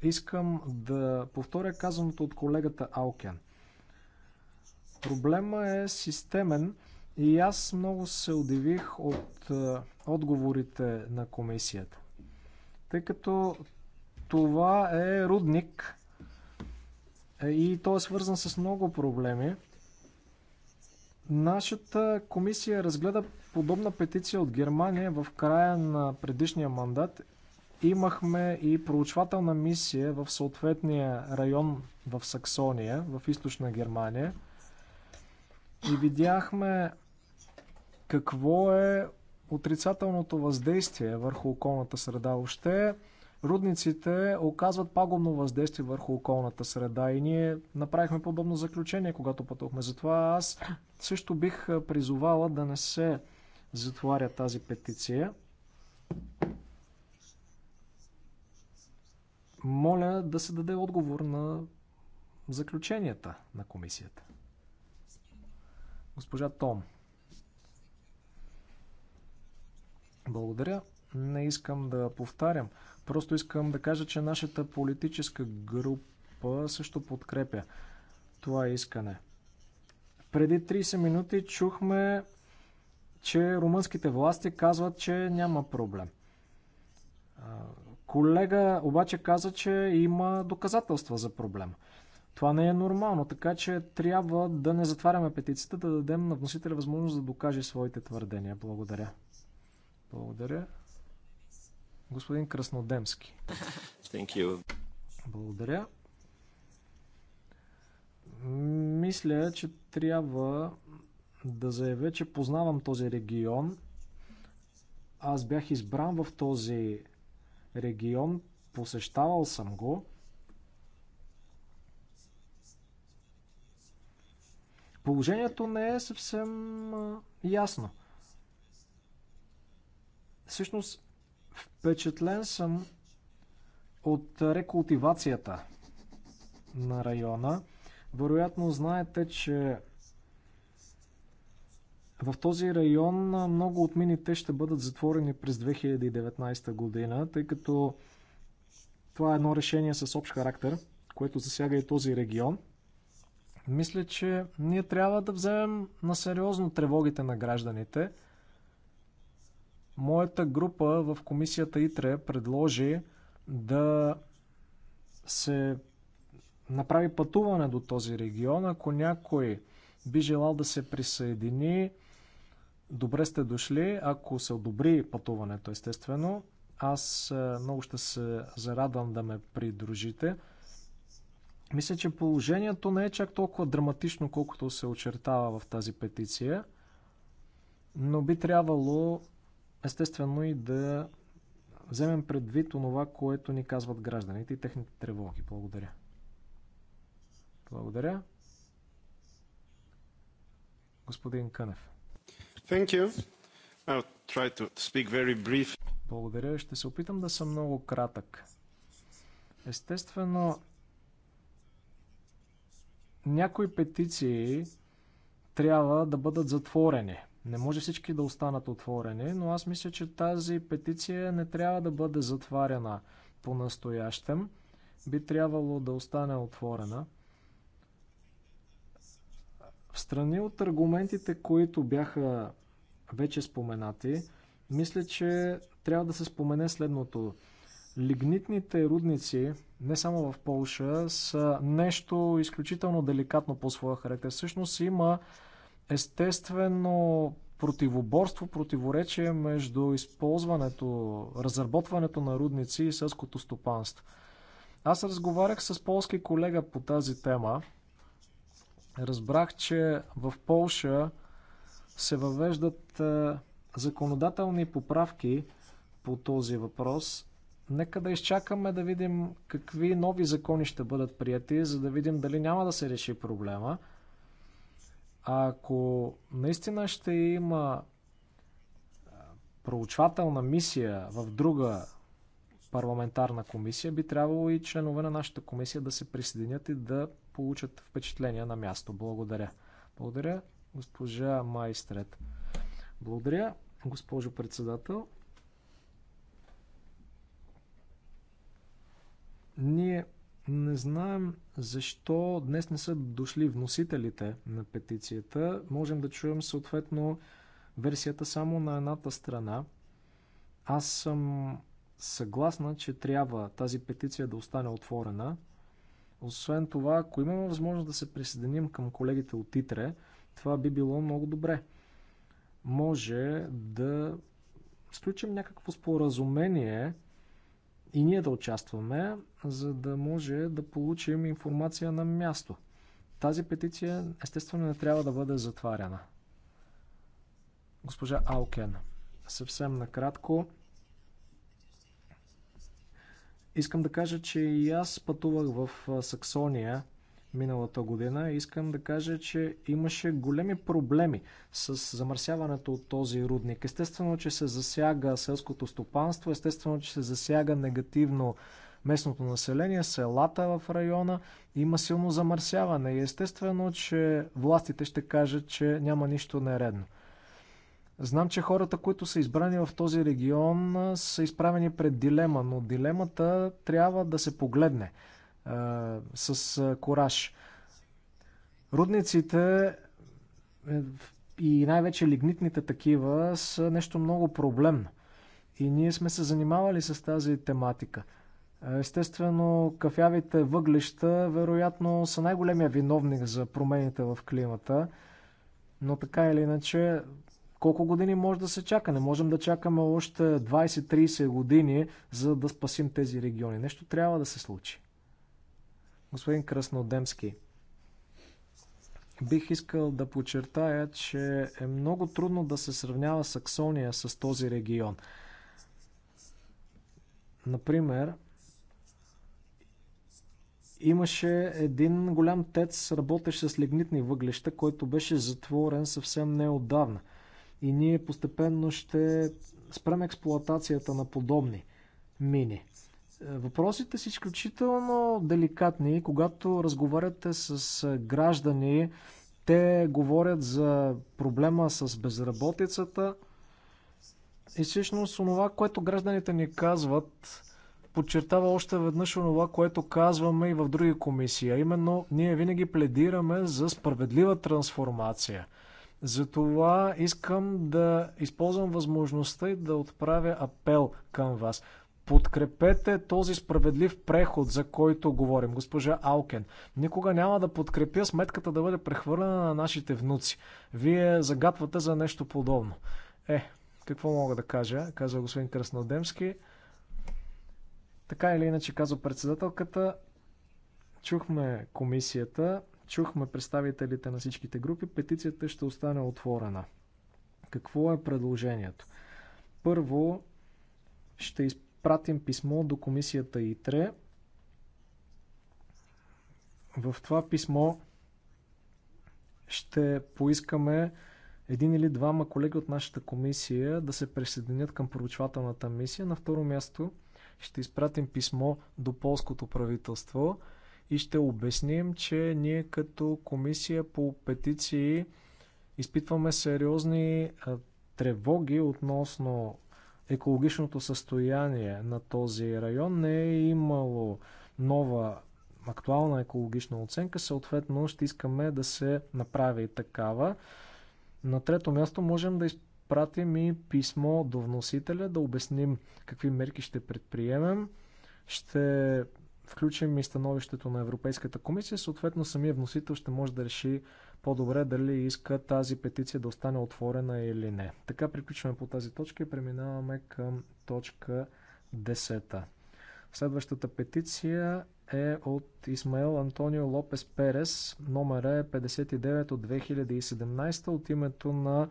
Искам да повторя казаното от колегата Алкен. Проблема е системен и аз много се удивих от е, отговорите на комисията. Тъй като това е рудник е, и то е свързан с много проблеми. Нашата комисия разгледа подобна петиция от Германия в края на предишния мандат Имахме и проучвателна мисия в съответния район в Саксония, в източна Германия. И видяхме какво е отрицателното въздействие върху околната среда. Още рудниците оказват пагубно въздействие върху околната среда и ние направихме подобно заключение, когато пътувахме. Затова аз също бих призовала да не се затваря тази петиция. Моля да се даде отговор на заключенията на комисията. Госпожа Том. Благодаря. Не искам да повтарям. Просто искам да кажа, че нашата политическа група също подкрепя това искане. Преди 30 минути чухме, че румънските власти казват, че няма проблем. Колега обаче каза, че има доказателства за проблем. Това не е нормално, така че трябва да не затваряме петицията, да дадем на вносителя възможност да докаже своите твърдения. Благодаря. Благодаря. Господин Краснодемски. Thank you. Благодаря. Мисля, че трябва да заявя, че познавам този регион. Аз бях избран в този регион. Посещавал съм го. Положението не е съвсем ясно. Всъщност, впечатлен съм от рекултивацията на района. Вероятно знаете, че в този район много от мините ще бъдат затворени през 2019 година, тъй като това е едно решение с общ характер, което засяга и този регион. Мисля, че ние трябва да вземем на сериозно тревогите на гражданите. Моята група в комисията ИТРЕ предложи да се направи пътуване до този регион. Ако някой би желал да се присъедини, Добре сте дошли. Ако се одобри пътуването, естествено, аз е, много ще се зарадвам да ме придружите. Мисля, че положението не е чак толкова драматично, колкото се очертава в тази петиция, но би трябвало, естествено, и да вземем предвид онова, което ни казват гражданите и техните тревоги. Благодаря. Благодаря. Господин Кънев. Thank you. I'll try to speak very brief. Благодаря. Ще се опитам да съм много кратък. Естествено, някои петиции трябва да бъдат затворени. Не може всички да останат отворени, но аз мисля, че тази петиция не трябва да бъде затваряна по-настоящем. Би трябвало да остане отворена. В страни от аргументите, които бяха вече споменати, мисля, че трябва да се спомене следното. Лигнитните рудници, не само в Полша, са нещо изключително деликатно по своя характер. Всъщност има естествено противоборство, противоречие между използването, разработването на рудници и сълското стопанство. Аз разговарях с полски колега по тази тема разбрах, че в Полша се въвеждат е, законодателни поправки по този въпрос. Нека да изчакаме да видим какви нови закони ще бъдат прияти, за да видим дали няма да се реши проблема. А ако наистина ще има е, проучвателна мисия в друга парламентарна комисия, би трябвало и членове на нашата комисия да се присъединят и да получат впечатления на място. Благодаря. Благодаря, госпожа Майстрет. Благодаря, госпожо председател. Ние не знаем защо днес не са дошли вносителите на петицията. Можем да чуем съответно версията само на едната страна. Аз съм съгласна, че трябва тази петиция да остане отворена. Освен това, ако имаме възможност да се присъединим към колегите от ИТРЕ, това би било много добре. Може да сключим някакво споразумение и ние да участваме, за да може да получим информация на място. Тази петиция, естествено, не трябва да бъде затваряна. Госпожа Алкен, съвсем накратко, Искам да кажа, че и аз пътувах в Саксония миналата година. Искам да кажа, че имаше големи проблеми с замърсяването от този рудник. Естествено, че се засяга селското стопанство, естествено, че се засяга негативно местното население, селата в района. Има силно замърсяване и естествено, че властите ще кажат, че няма нищо нередно. Знам, че хората, които са избрани в този регион, са изправени пред дилема, но дилемата трябва да се погледне а, с кораж. Рудниците е, и най-вече лигнитните такива са нещо много проблемно. И ние сме се занимавали с тази тематика. Естествено, кафявите въглища вероятно са най-големия виновник за промените в климата, но така или иначе колко години може да се чака? Не можем да чакаме още 20-30 години, за да спасим тези региони. Нещо трябва да се случи. Господин Краснодемски, бих искал да подчертая, че е много трудно да се сравнява Саксония с този регион. Например, имаше един голям тец, работещ с лигнитни въглища, който беше затворен съвсем неодавна – и ние постепенно ще спрем експлоатацията на подобни мини. Е, въпросите са изключително деликатни. Когато разговаряте с е, граждани, те говорят за проблема с безработицата. И всъщност онова, което гражданите ни казват, подчертава още веднъж онова, което казваме и в други комисии. Именно ние винаги пледираме за справедлива трансформация – затова искам да използвам възможността и да отправя апел към вас. Подкрепете този справедлив преход, за който говорим, госпожа Алкен. Никога няма да подкрепя сметката да бъде прехвърлена на нашите внуци. Вие загатвате за нещо подобно. Е, какво мога да кажа, казва господин Краснодемски. Така или иначе, казва председателката, чухме комисията. Чухме представителите на всичките групи. Петицията ще остане отворена. Какво е предложението? Първо, ще изпратим писмо до комисията ИТРЕ. В това писмо ще поискаме един или двама колеги от нашата комисия да се присъединят към проучвателната мисия. На второ място ще изпратим писмо до полското правителство и ще обясним, че ние като комисия по петиции изпитваме сериозни тревоги относно екологичното състояние на този район. Не е имало нова актуална екологична оценка, съответно ще искаме да се направи такава. На трето място можем да изпратим и писмо до вносителя, да обясним какви мерки ще предприемем. Ще включим и становището на Европейската комисия, съответно самия вносител ще може да реши по-добре дали иска тази петиция да остане отворена или не. Така приключваме по тази точка и преминаваме към точка 10. Следващата петиция е от Исмаел Антонио Лопес Перес, номер е 59 от 2017 от името на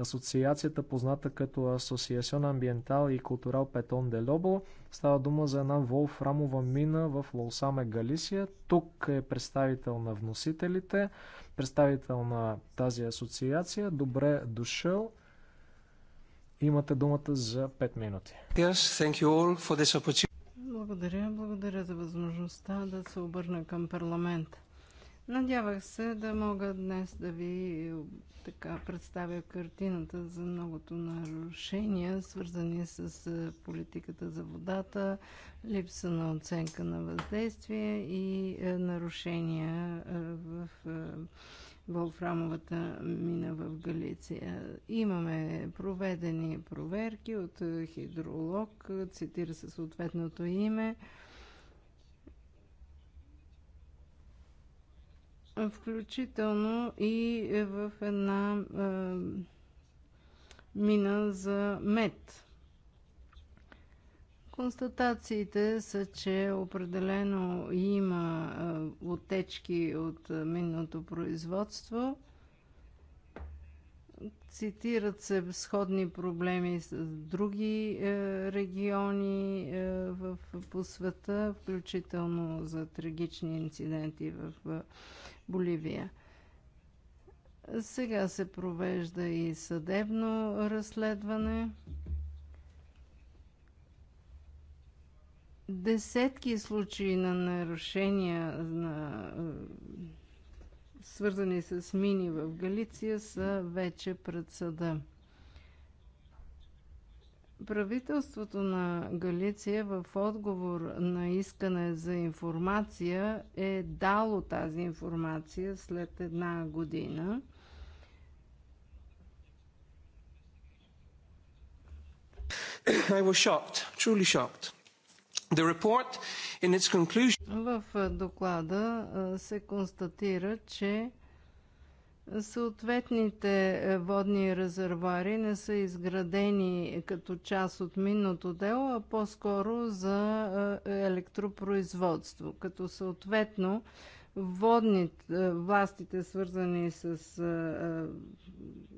Асоциацията, позната като Асоциацион Амбиентал и Културал Петон де Лобо. Става дума за една волфрамова мина в Лолсаме, Галисия. Тук е представител на вносителите, представител на тази асоциация. Добре дошъл. Имате думата за 5 минути. Благодаря, благодаря за възможността да се обърна към парламента. Надявах се да мога днес да ви така представя картината за многото нарушения, свързани с е, политиката за водата, липса на оценка на въздействие и е, нарушения е, в Волфрамовата мина в Галиция. Имаме проведени проверки от хидролог, цитира се съответното име, включително и в една мина за мед. Констатациите са, че определено има отечки от минното производство. Цитират се сходни проблеми с други е, региони е, в, по света, включително за трагични инциденти в Боливия. Сега се провежда и съдебно разследване. Десетки случаи на нарушения на свързани с мини в Галиция, са вече пред съда. Правителството на Галиция в отговор на искане за информация е дало тази информация след една година. I was shocked, truly shocked. The report in its conclusion... В доклада се констатира, че Съответните е, водни резервуари не са изградени като част от минното дело, а по-скоро за е, електропроизводство, като съответно водните властите, свързани с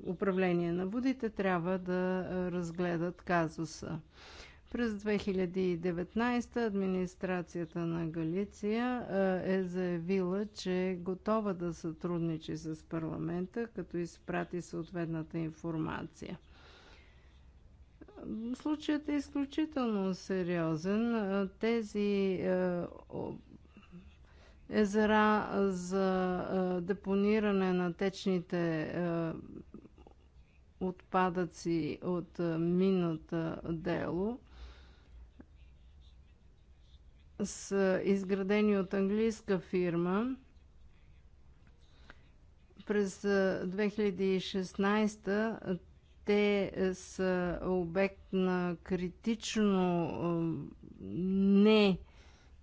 е, управление на водите, трябва да разгледат казуса. През 2019 администрацията на Галиция е заявила, че е готова да сътрудничи с парламента, като изпрати съответната информация. Случаят е изключително сериозен. Тези езера за депониране на течните отпадъци от мината дело – са изградени от английска фирма. През 2016 те са обект на критично не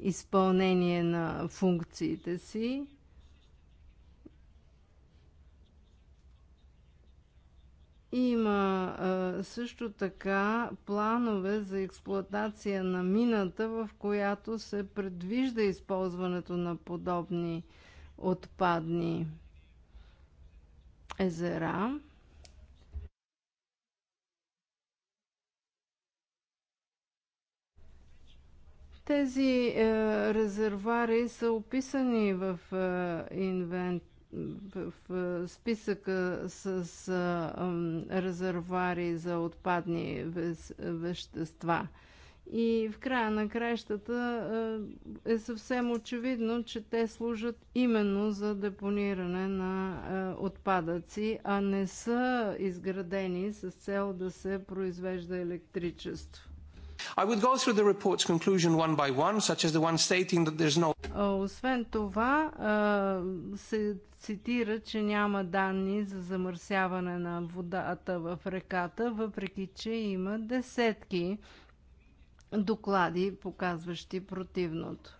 изпълнение на функциите си. Има а, също така планове за експлоатация на мината, в която се предвижда използването на подобни отпадни езера. Тези е, резервари са описани в е, инвент, в списъка с резервуари за отпадни вещества. И в края на краищата е съвсем очевидно, че те служат именно за депониране на отпадъци, а не са изградени с цел да се произвежда електричество. I would go through the report's conclusion one by one, such as the one stating that there's no... Освен това, се цитира, че няма данни за замърсяване на водата в реката, въпреки че има десетки доклади, показващи противното.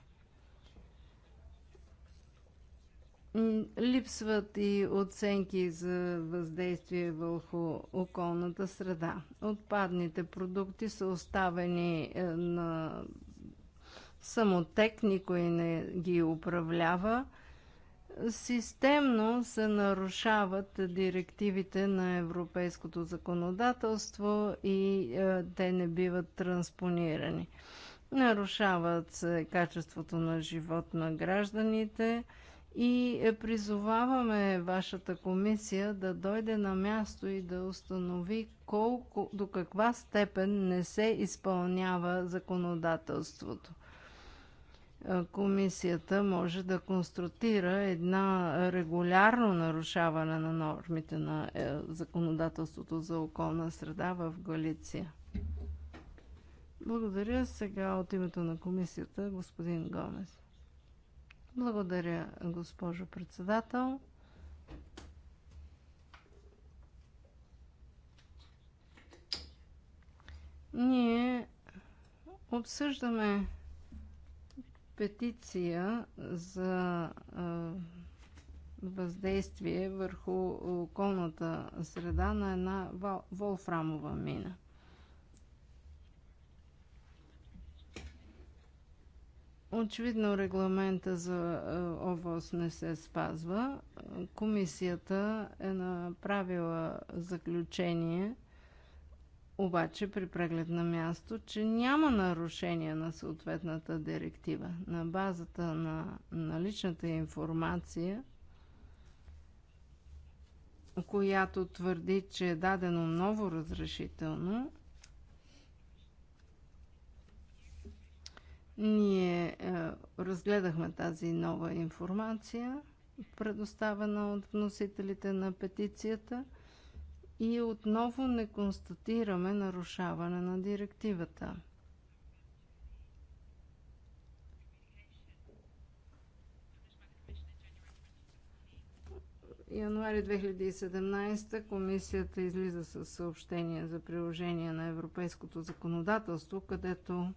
Липсват и оценки за въздействие върху околната среда. Отпадните продукти са оставени е, на самотек, никой не ги управлява. Системно се нарушават директивите на европейското законодателство и е, те не биват транспонирани. Нарушават се качеството на живот на гражданите – и е, призоваваме вашата комисия да дойде на място и да установи колко, до каква степен не се изпълнява законодателството. Е, комисията може да констатира една регулярно нарушаване на нормите на е, законодателството за околна среда в Галиция. Благодаря сега от името на комисията господин Гомес. Благодаря, госпожо председател. Ние обсъждаме петиция за въздействие върху околната среда на една волфрамова мина. Очевидно регламента за е, ОВОС не се спазва. Комисията е направила заключение, обаче при преглед на място, че няма нарушение на съответната директива. На базата на наличната информация, която твърди, че е дадено ново разрешително, Ние е, разгледахме тази нова информация, предоставена от вносителите на петицията и отново не констатираме нарушаване на директивата. януари 2017 комисията излиза със съобщение за приложение на европейското законодателство, където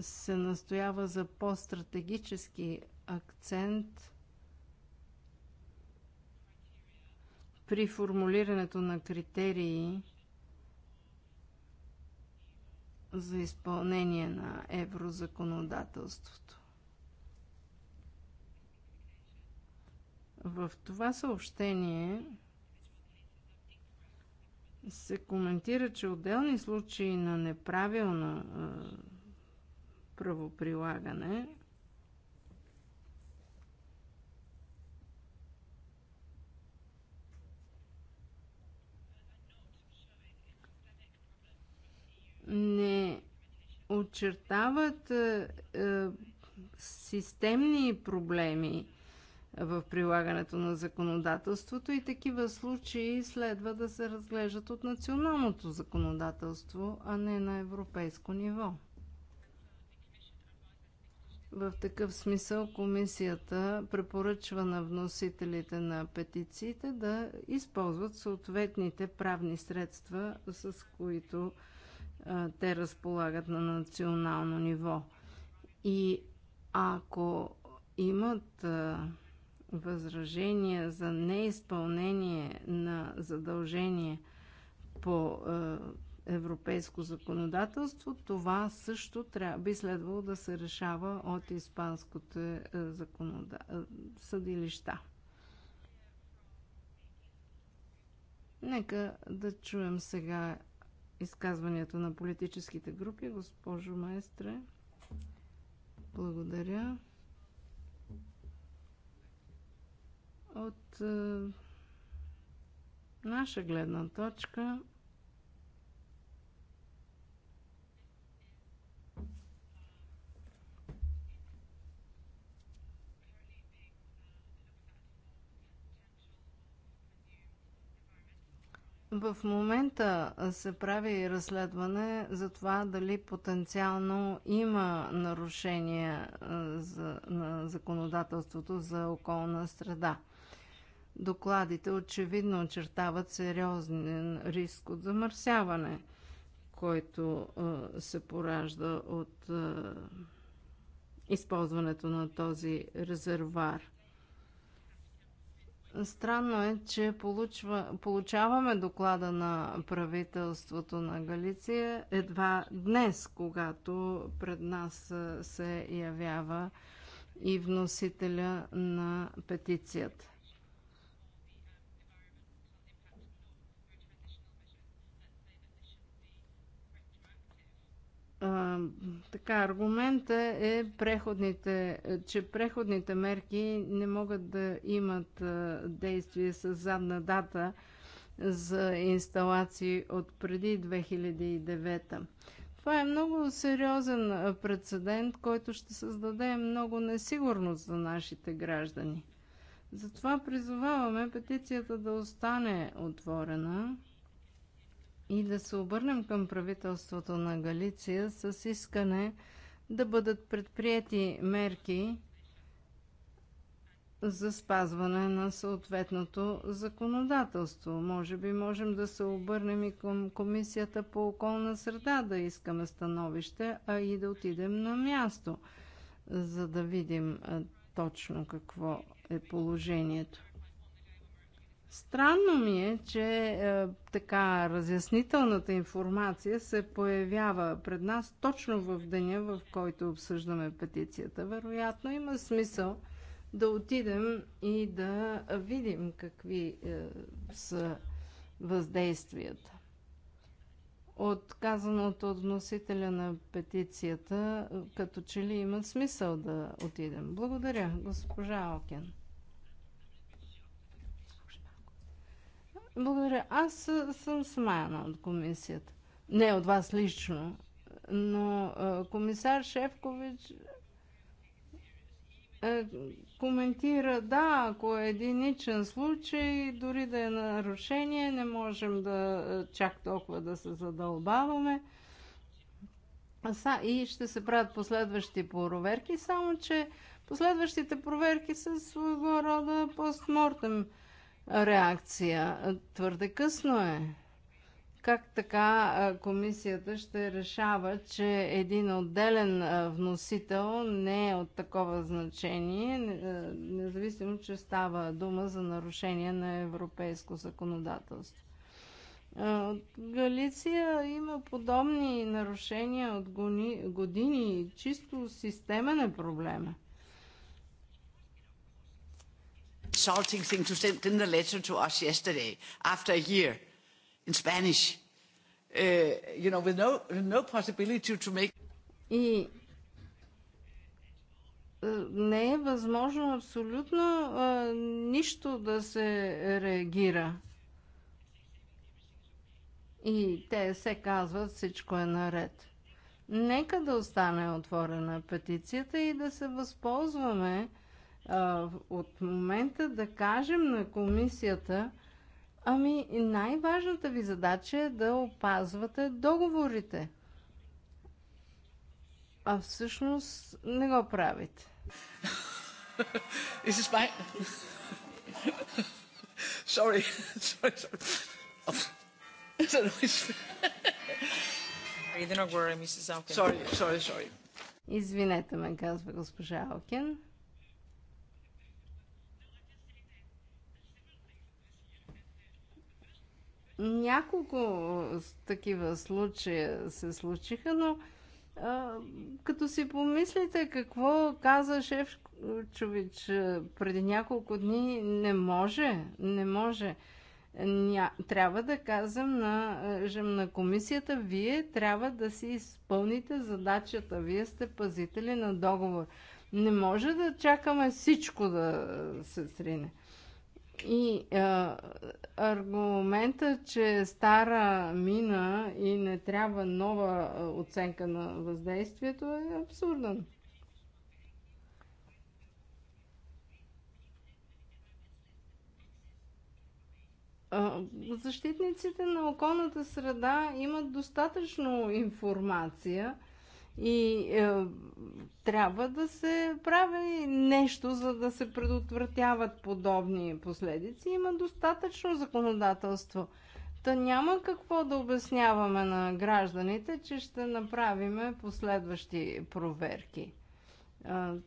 се настоява за по-стратегически акцент при формулирането на критерии за изпълнение на еврозаконодателството. В това съобщение се коментира, че отделни случаи на неправилна правоприлагане. Не очертават е, е, системни проблеми в прилагането на законодателството и такива случаи следва да се разглеждат от националното законодателство, а не на европейско ниво. В такъв смисъл комисията препоръчва на вносителите на петициите да използват съответните правни средства, с които а, те разполагат на национално ниво. И ако имат а, възражения за неизпълнение на задължение по а, европейско законодателство, това също трябва, би следвало да се решава от испанското е, законода... Е, съдилища. Нека да чуем сега изказванията на политическите групи. Госпожо майстре. благодаря. От е, наша гледна точка В момента се прави разследване за това дали потенциално има нарушения за, на законодателството за околна среда. Докладите очевидно очертават сериозен риск от замърсяване, който се поражда от използването на този резервуар. Странно е, че получва, получаваме доклада на правителството на Галиция едва днес, когато пред нас се явява и вносителя на петицията. А, така, аргумента е, преходните, че преходните мерки не могат да имат действие с задна дата за инсталации от преди 2009. Това е много сериозен прецедент, който ще създаде много несигурност за нашите граждани. Затова призоваваме петицията да остане отворена и да се обърнем към правителството на Галиция с искане да бъдат предприяти мерки за спазване на съответното законодателство. Може би можем да се обърнем и към Комисията по околна среда да искаме становище, а и да отидем на място, за да видим точно какво е положението. Странно ми е, че е, така разяснителната информация се появява пред нас точно в деня, в който обсъждаме петицията. Вероятно има смисъл да отидем и да видим какви е, са въздействията. От казаното от вносителя на петицията, е, като че ли има смисъл да отидем. Благодаря, госпожа Окен. Благодаря. Аз съм смаяна от комисията. Не от вас лично, но комисар Шефкович коментира, да, ако е единичен случай, дори да е нарушение, не можем да чак толкова да се задълбаваме. И ще се правят последващи проверки, само че последващите проверки са своего рода постмортем реакция. Твърде късно е. Как така комисията ще решава, че един отделен вносител не е от такова значение, независимо, че става дума за нарушение на европейско законодателство? От Галиция има подобни нарушения от години. Чисто системен е проблема insulting thing to send in the letter to us yesterday after a year in Spanish. Uh, you know, with no, no possibility to make. И е, не е възможно абсолютно а, е, нищо да се реагира. И те се казват, всичко е наред. Нека да остане отворена петицията и да се възползваме от момента да кажем на комисията, ами най-важната ви задача е да опазвате договорите. А всъщност не го правите. Is this my... sorry, sorry, sorry. It's a noise. sorry, sorry, sorry. Извинете ме, казва госпожа Алкин. Няколко такива случая се случиха, но а, като си помислите какво каза Шефчович преди няколко дни, не може, не може. Ня... Трябва да казвам на, на комисията, вие трябва да си изпълните задачата. Вие сте пазители на договор. Не може да чакаме всичко да се срине. И а, аргумента, че стара мина и не трябва нова оценка на въздействието е абсурден. Защитниците на околната среда имат достатъчно информация – и е, трябва да се прави нещо, за да се предотвратяват подобни последици. Има достатъчно законодателство. Та няма какво да обясняваме на гражданите, че ще направиме последващи проверки.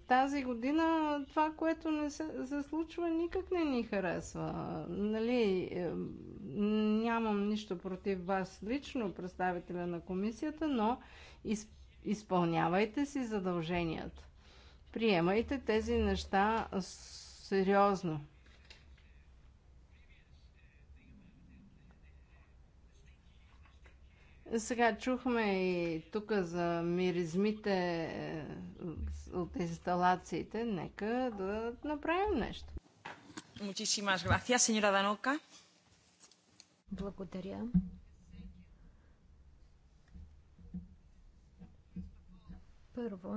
Тази година това, което не се, се случва, никак не ни харесва. Нали, е, нямам нищо против вас лично, представителя на комисията, но изпълнявайте си задълженията. Приемайте тези неща сериозно. Сега чухме и тук за миризмите е, от инсталациите. Нека да направим нещо. Muchísimas gracias, señora Данока. Благодаря. Първо,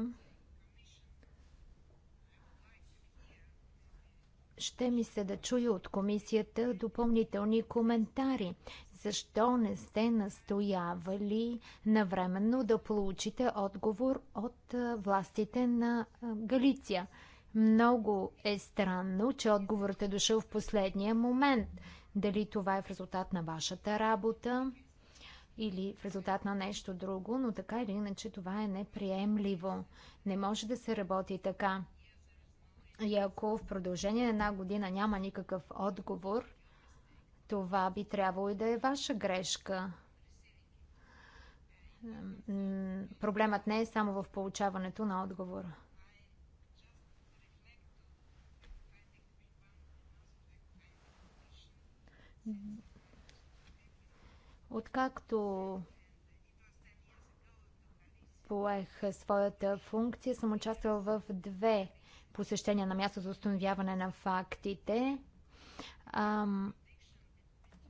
ще ми се да чуя от комисията допълнителни коментари. Защо не сте настоявали навременно да получите отговор от властите на Галиция? Много е странно, че отговорът е дошъл в последния момент. Дали това е в резултат на вашата работа? или в резултат на нещо друго, но така или иначе това е неприемливо. Не може да се работи така. И ако в продължение на една година няма никакъв отговор, това би трябвало и да е ваша грешка. Проблемът не е само в получаването на Mm-hmm. Откакто поех своята функция, съм участвал в две посещения на място за установяване на фактите. Ам,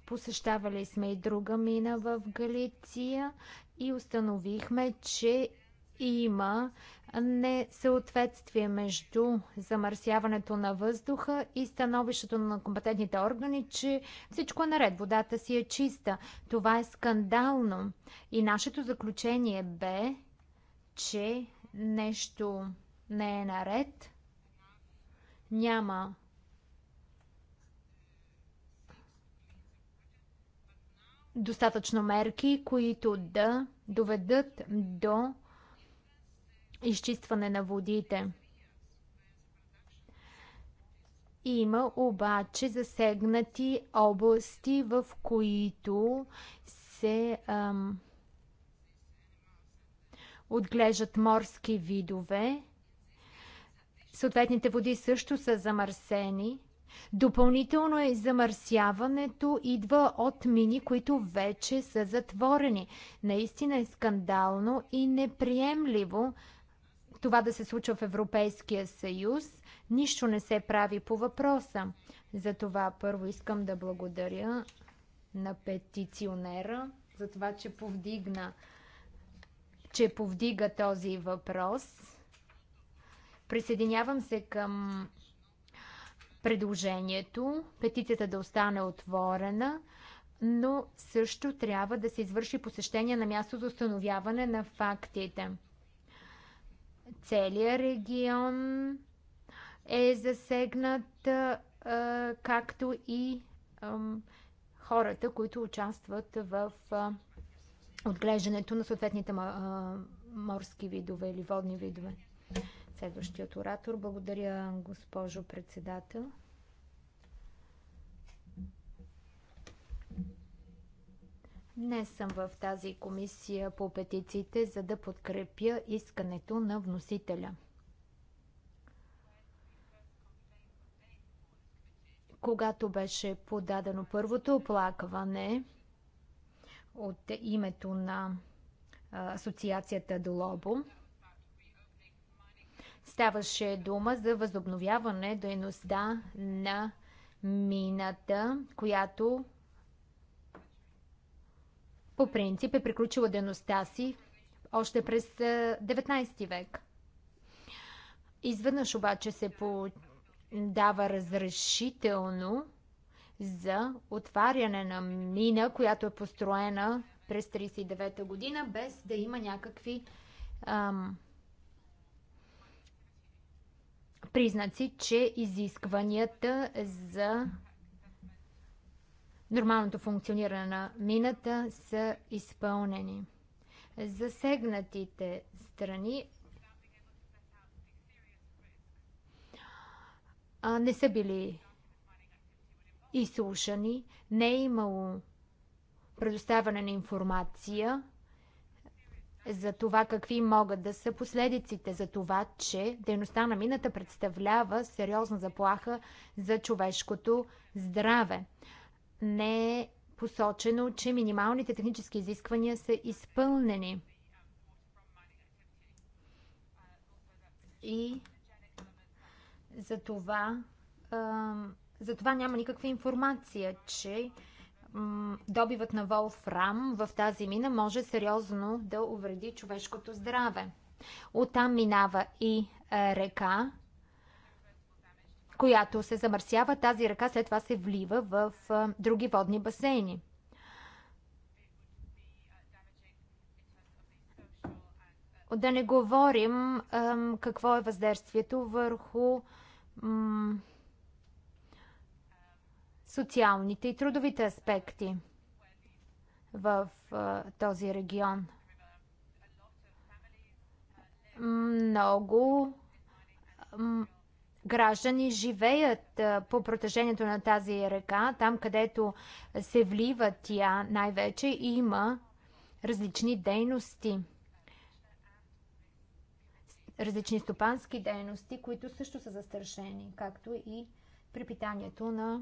посещавали сме и друга мина в Галиция и установихме, че има несъответствие между замърсяването на въздуха и становището на компетентните органи, че всичко е наред, водата си е чиста. Това е скандално. И нашето заключение бе, че нещо не е наред. Няма достатъчно мерки, които да доведат до изчистване на водите. Има обаче засегнати области, в които се ам, отглеждат морски видове. Съответните води също са замърсени. Допълнително е замърсяването идва от мини, които вече са затворени. Наистина е скандално и неприемливо, това да се случва в Европейския съюз. Нищо не се прави по въпроса. Затова първо искам да благодаря на петиционера за това, че повдигна че повдига този въпрос. Присъединявам се към предложението петицията да остане отворена, но също трябва да се извърши посещение на място за установяване на фактите целият регион е засегнат, както и хората, които участват в отглеждането на съответните морски видове или водни видове. Следващият оратор. Благодаря, госпожо председател. Днес съм в тази комисия по петициите, за да подкрепя искането на вносителя. Когато беше подадено първото оплакване от името на Асоциацията Долобо, ставаше дума за възобновяване дейността на мината, която по принцип е приключила дейността си още през 19 век. Изведнъж обаче се дава разрешително за отваряне на мина, която е построена през 39-та година, без да има някакви ам, признаци, че изискванията за нормалното функциониране на мината са изпълнени. Засегнатите страни не са били изслушани, не е имало предоставяне на информация за това какви могат да са последиците за това, че дейността на мината представлява сериозна заплаха за човешкото здраве не е посочено, че минималните технически изисквания са изпълнени. И за това, за това няма никаква информация, че добивът на волфрам в тази мина може сериозно да увреди човешкото здраве. Оттам минава и река, която се замърсява, тази ръка след това се влива в други водни басейни. Да не говорим какво е въздействието върху социалните и трудовите аспекти в този регион. Много граждани живеят по протежението на тази река, там където се влива тя най-вече и има различни дейности, различни стопански дейности, които също са застрашени, както и припитанието на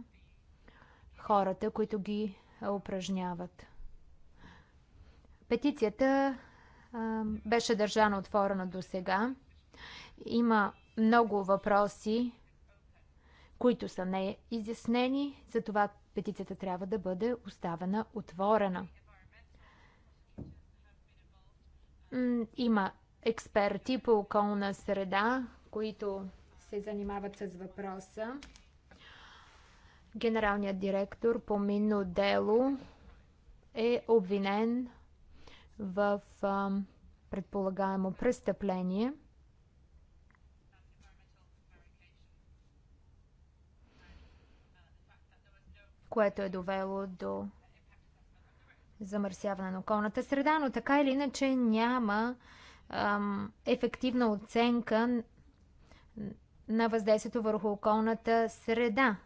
хората, които ги упражняват. Петицията а, беше държана отворена до сега. Има много въпроси, които са неизяснени, затова петицията трябва да бъде оставена отворена. Има експерти по околна среда, които се занимават с въпроса. Генералният директор по минно дело е обвинен в предполагаемо престъпление – което е довело до замърсяване на околната среда, но така или иначе няма ам, ефективна оценка на въздействието върху околната среда.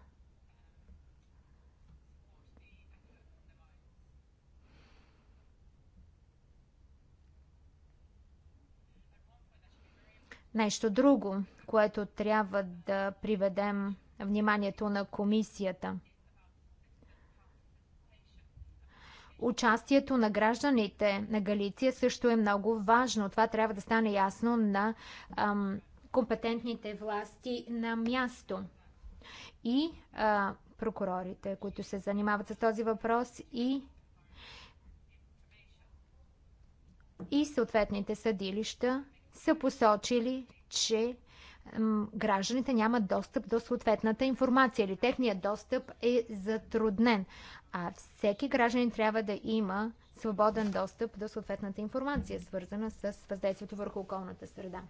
Нещо друго, което трябва да приведем вниманието на комисията. Участието на гражданите на Галиция също е много важно. Това трябва да стане ясно на ам, компетентните власти на място. И а, прокурорите, които се занимават с този въпрос и и съответните съдилища са посочили, че гражданите нямат достъп до съответната информация или техният достъп е затруднен. А всеки гражданин трябва да има свободен достъп до съответната информация, свързана с въздействието върху околната среда.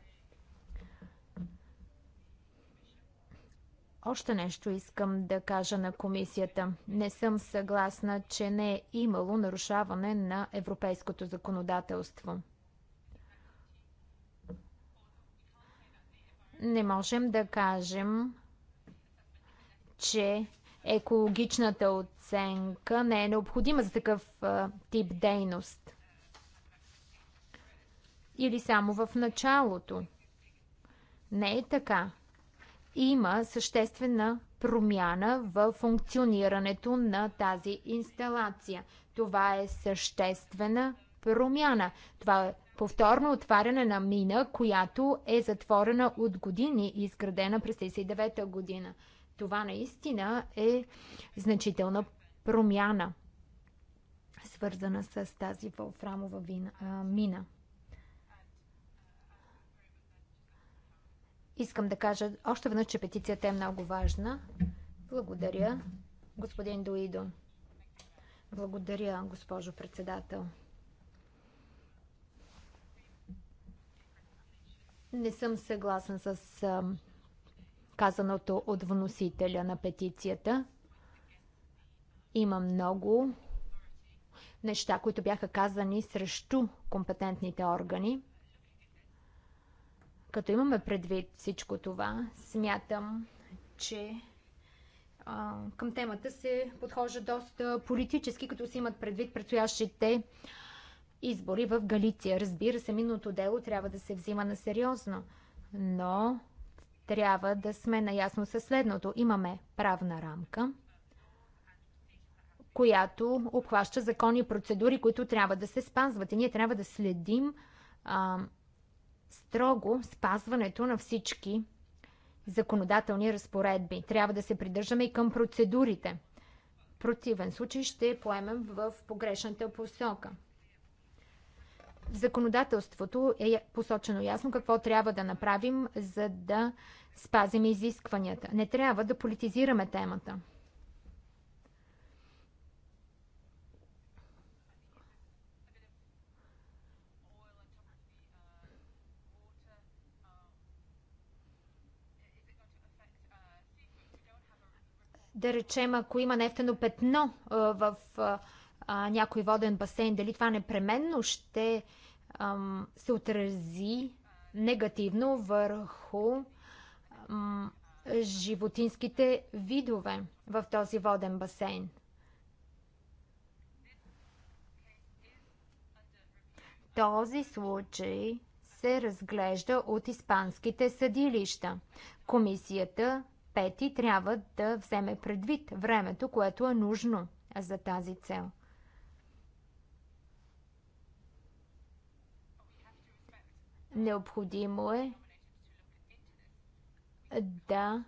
Още нещо искам да кажа на комисията. Не съм съгласна, че не е имало нарушаване на европейското законодателство. не можем да кажем, че екологичната оценка не е необходима за такъв тип дейност. Или само в началото. Не е така. Има съществена промяна в функционирането на тази инсталация. Това е съществена промяна. Това е повторно отваряне на мина, която е затворена от години и изградена през 1939 година. Това наистина е значителна промяна, свързана с тази вълфрамова мина. Искам да кажа още веднъж, че петицията е много важна. Благодаря, господин Доидо. Благодаря, госпожо председател. Не съм съгласен с казаното от вносителя на петицията. Има много неща, които бяха казани срещу компетентните органи. Като имаме предвид всичко това, смятам, че а, към темата се подхожда доста политически, като се имат предвид предстоящите избори в Галиция. Разбира се, миното дело трябва да се взима на сериозно, но трябва да сме наясно със следното. Имаме правна рамка, която обхваща закони и процедури, които трябва да се спазват. И ние трябва да следим а, строго спазването на всички законодателни разпоредби. Трябва да се придържаме и към процедурите. В противен случай ще поемем в погрешната посока. В законодателството е посочено ясно какво трябва да направим, за да спазим изискванията. Не трябва да политизираме темата. Да речем, ако има нефтено петно в а, някой воден басейн, дали това непременно ще ам, се отрази негативно върху ам, животинските видове в този воден басейн. Този случай се разглежда от испанските съдилища. Комисията пети трябва да вземе предвид времето, което е нужно за тази цел. Необходимо е да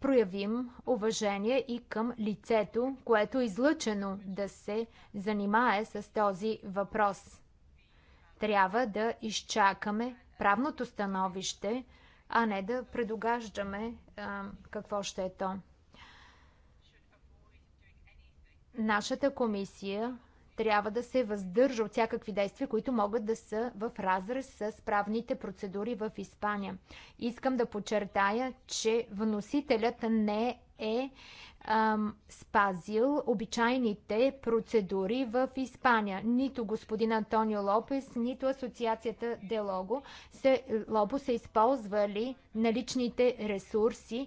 проявим уважение и към лицето, което е излъчено да се занимае с този въпрос. Трябва да изчакаме правното становище, а не да предогаждаме а, какво ще е то. Нашата комисия трябва да се въздържа от всякакви действия, които могат да са в разрез с правните процедури в Испания. Искам да подчертая, че вносителят не е ам, спазил обичайните процедури в Испания. Нито господин Антонио Лопес, нито асоциацията Делого се, Лобо са използвали наличните ресурси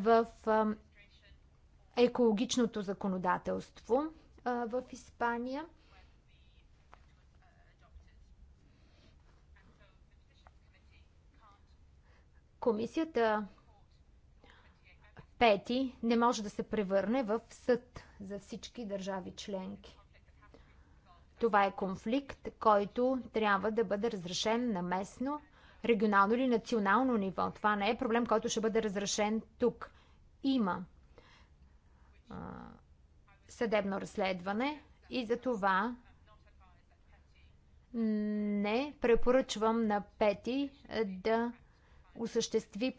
в ам, екологичното законодателство в Испания. Комисията пети не може да се превърне в съд за всички държави членки. Това е конфликт, който трябва да бъде разрешен на местно, регионално или национално ниво. Това не е проблем, който ще бъде разрешен тук. Има съдебно разследване и за това не препоръчвам на Пети да, осъществи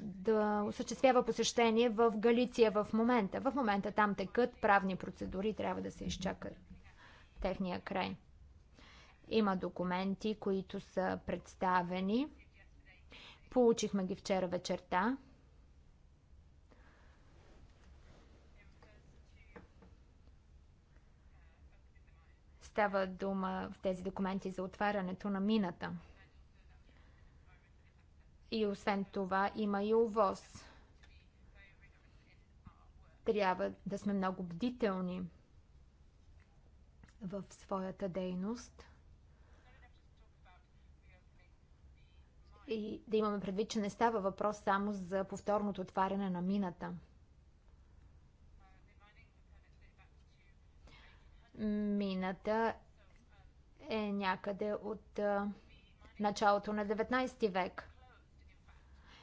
да осъществява посещение в Галиция в момента. В момента там текат правни процедури, трябва да се изчака техния край. Има документи, които са представени. Получихме ги вчера вечерта. Става дума в тези документи за отварянето на мината. И освен това има и овоз. Трябва да сме много бдителни в своята дейност и да имаме предвид, че не става въпрос само за повторното отваряне на мината – мината е някъде от началото на 19 век.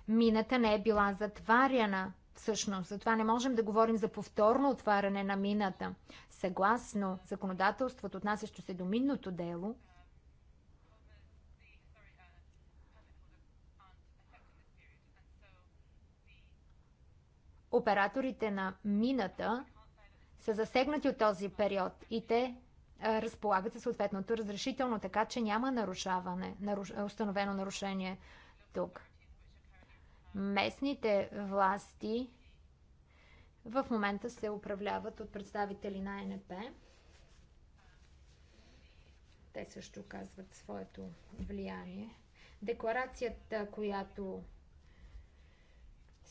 Мината не е била затваряна. Всъщност, затова не можем да говорим за повторно отваряне на мината. Съгласно законодателството, отнасящо се до минното дело, операторите на мината са засегнати от този период и те разполагат със съответното разрешително, така че няма нарушаване, наруш... установено нарушение тук. Местните власти в момента се управляват от представители на НП. Те също казват своето влияние. Декларацията, която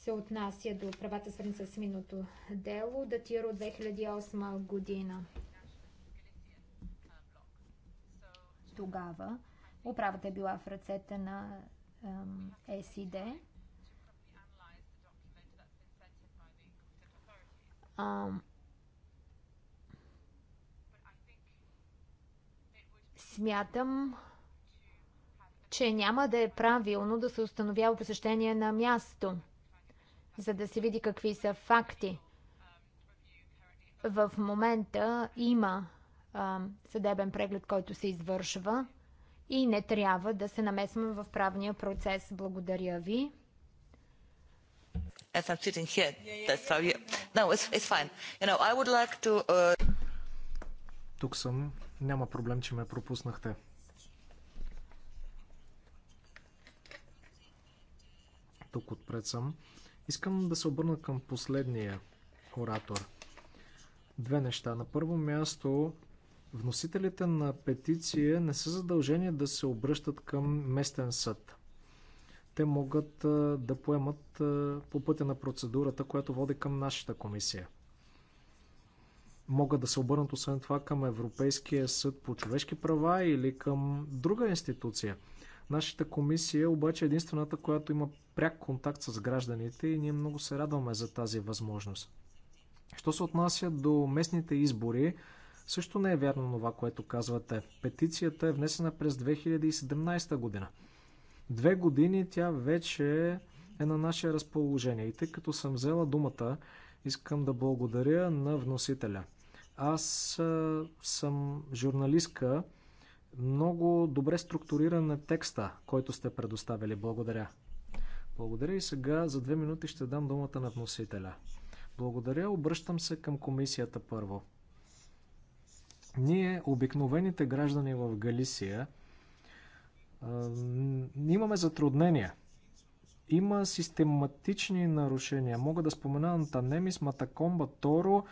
се отнася до правата свързани с миното дело, датира от 2008 година. Тогава управата е била в ръцете на е СИД. смятам, че няма да е правилно да се установява посещение на място – за да се види какви са факти. В момента има а, съдебен преглед, който се извършва и не трябва да се намесваме в правния процес. Благодаря ви. As I'm sitting here, that's how you... No, it's, it's fine. You know, I would like to... Uh... Тук съм. Няма проблем, че ме пропуснахте. Тук отпред съм. Uh, Искам да се обърна към последния оратор. Две неща. На първо място, вносителите на петиция не са задължени да се обръщат към местен съд. Те могат да поемат по пътя на процедурата, която води към нашата комисия. Могат да се обърнат освен това към Европейския съд по човешки права или към друга институция. Нашата комисия обаче е единствената, която има пряк контакт с гражданите и ние много се радваме за тази възможност. Що се отнася до местните избори, също не е вярно това, което казвате. Петицията е внесена през 2017 година. Две години тя вече е на наше разположение. И тъй като съм взела думата, искам да благодаря на вносителя. Аз съм журналистка много добре структуриран е текста, който сте предоставили. Благодаря. Благодаря и сега за две минути ще дам думата на вносителя. Благодаря, обръщам се към комисията първо. Ние, обикновените граждани в Галисия, имаме затруднения. Има систематични нарушения. Мога да спомена Антанемис, Матакомба, Торо.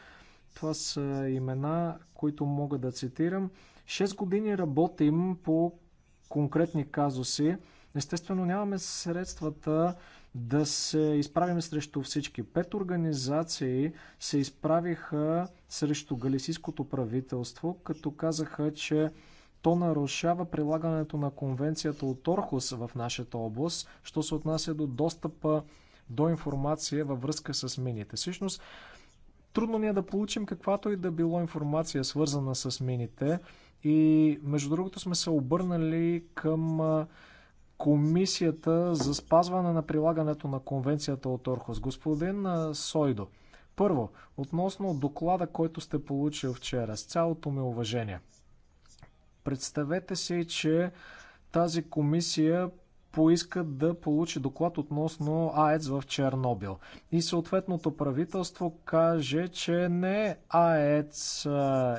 Това са имена, които мога да цитирам. Шест години работим по конкретни казуси. Естествено, нямаме средствата да се изправим срещу всички. Пет организации се изправиха срещу галисийското правителство, като казаха, че то нарушава прилагането на конвенцията от Орхус в нашата област, що се отнася до достъпа до информация във връзка с мините. Всъщност, трудно ни е да получим каквато и да било информация свързана с мините. И между другото сме се обърнали към Комисията за спазване на прилагането на конвенцията от Орхос. Господин Сойдо, първо, относно доклада, който сте получил вчера, с цялото ми уважение. Представете си, че тази комисия поиска да получи доклад относно АЕЦ в Чернобил. И съответното правителство каже, че не АЕЦ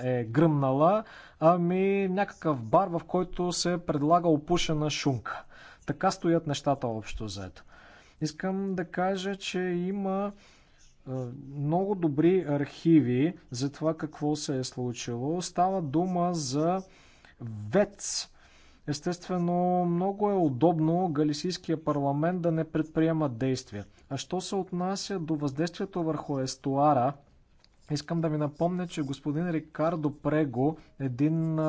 е гръмнала, ами някакъв бар, в който се предлага опушена шунка. Така стоят нещата общо заето. Искам да кажа, че има много добри архиви за това какво се е случило. Става дума за ВЕЦ. Естествено, много е удобно Галисийския парламент да не предприема действия. А що се отнася до въздействието върху естуара, Искам да ви напомня, че господин Рикардо Прего, един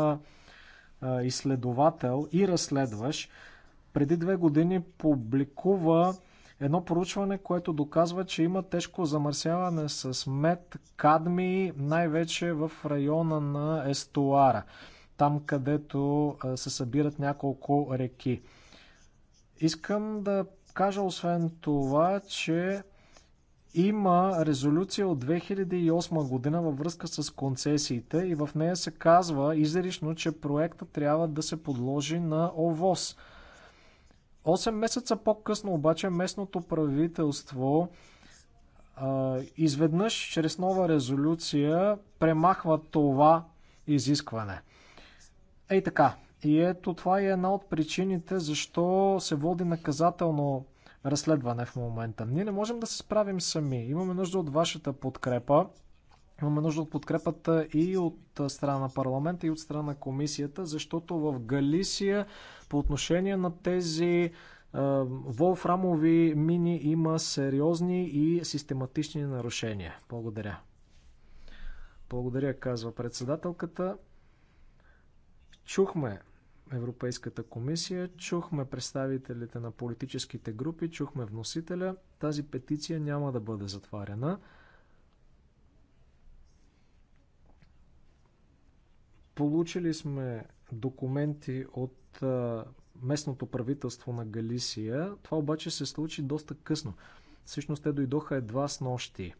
изследовател и разследващ, преди две години публикува едно проучване, което доказва, че има тежко замърсяване с мед, кадми, най-вече в района на Естуара, там където се събират няколко реки. Искам да кажа освен това, че има резолюция от 2008 година във връзка с концесиите и в нея се казва изрично, че проекта трябва да се подложи на ОВОС. Осем месеца по-късно обаче местното правителство а, изведнъж чрез нова резолюция премахва това изискване. Ей така. И ето това е една от причините защо се води наказателно разследване в момента. Ние не можем да се справим сами. Имаме нужда от вашата подкрепа. Имаме нужда от подкрепата и от страна на парламента, и от страна на комисията, защото в Галисия по отношение на тези волфрамови мини има сериозни и систематични нарушения. Благодаря. Благодаря, казва председателката. Чухме Европейската комисия, чухме представителите на политическите групи, чухме вносителя. Тази петиция няма да бъде затваряна. Получили сме документи от местното правителство на Галисия. Това обаче се случи доста късно. Всъщност те дойдоха едва с нощи.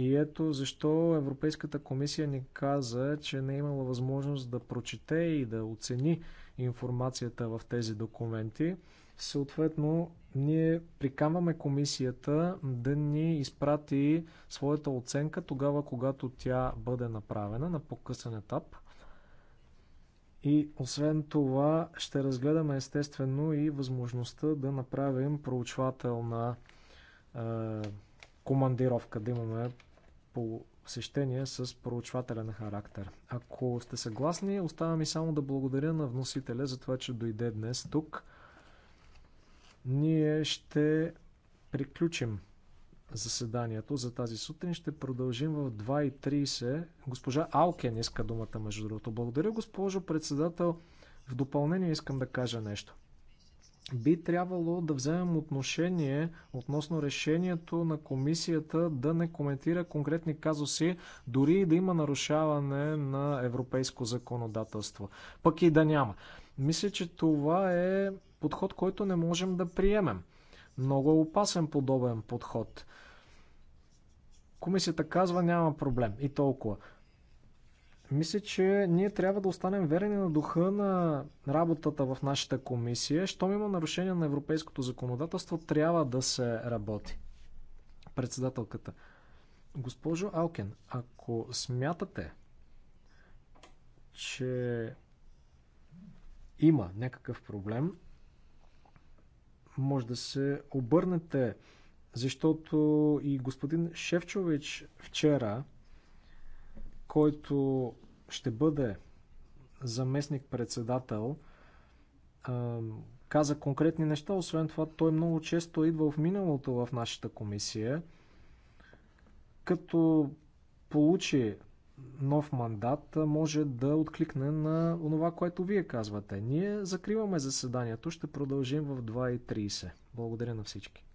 И ето защо Европейската комисия ни каза, че не е имала възможност да прочете и да оцени информацията в тези документи. Съответно, ние прикамваме комисията да ни изпрати своята оценка тогава, когато тя бъде направена на по-късен етап. И освен това, ще разгледаме естествено и възможността да направим проучвателна е, командировка, да имаме посещение с проучвателен характер. Ако сте съгласни, остава ми само да благодаря на вносителя за това, че дойде днес тук. Ние ще приключим заседанието за тази сутрин. Ще продължим в 2.30. Госпожа Алкен иска думата, между другото. Благодаря, госпожо председател. В допълнение искам да кажа нещо би трябвало да вземем отношение относно решението на комисията да не коментира конкретни казуси, дори и да има нарушаване на европейско законодателство. Пък и да няма. Мисля, че това е подход, който не можем да приемем. Много е опасен подобен подход. Комисията казва няма проблем и толкова. Мисля, че ние трябва да останем верени на духа на работата в нашата комисия. Щом има нарушение на европейското законодателство, трябва да се работи. Председателката. Госпожо Алкен, ако смятате, че има някакъв проблем, може да се обърнете, защото и господин Шевчович вчера който ще бъде заместник-председател, каза конкретни неща. Освен това, той много често идва в миналото в нашата комисия, като получи нов мандат, може да откликне на това, което вие казвате. Ние закриваме заседанието, ще продължим в 2.30. Благодаря на всички.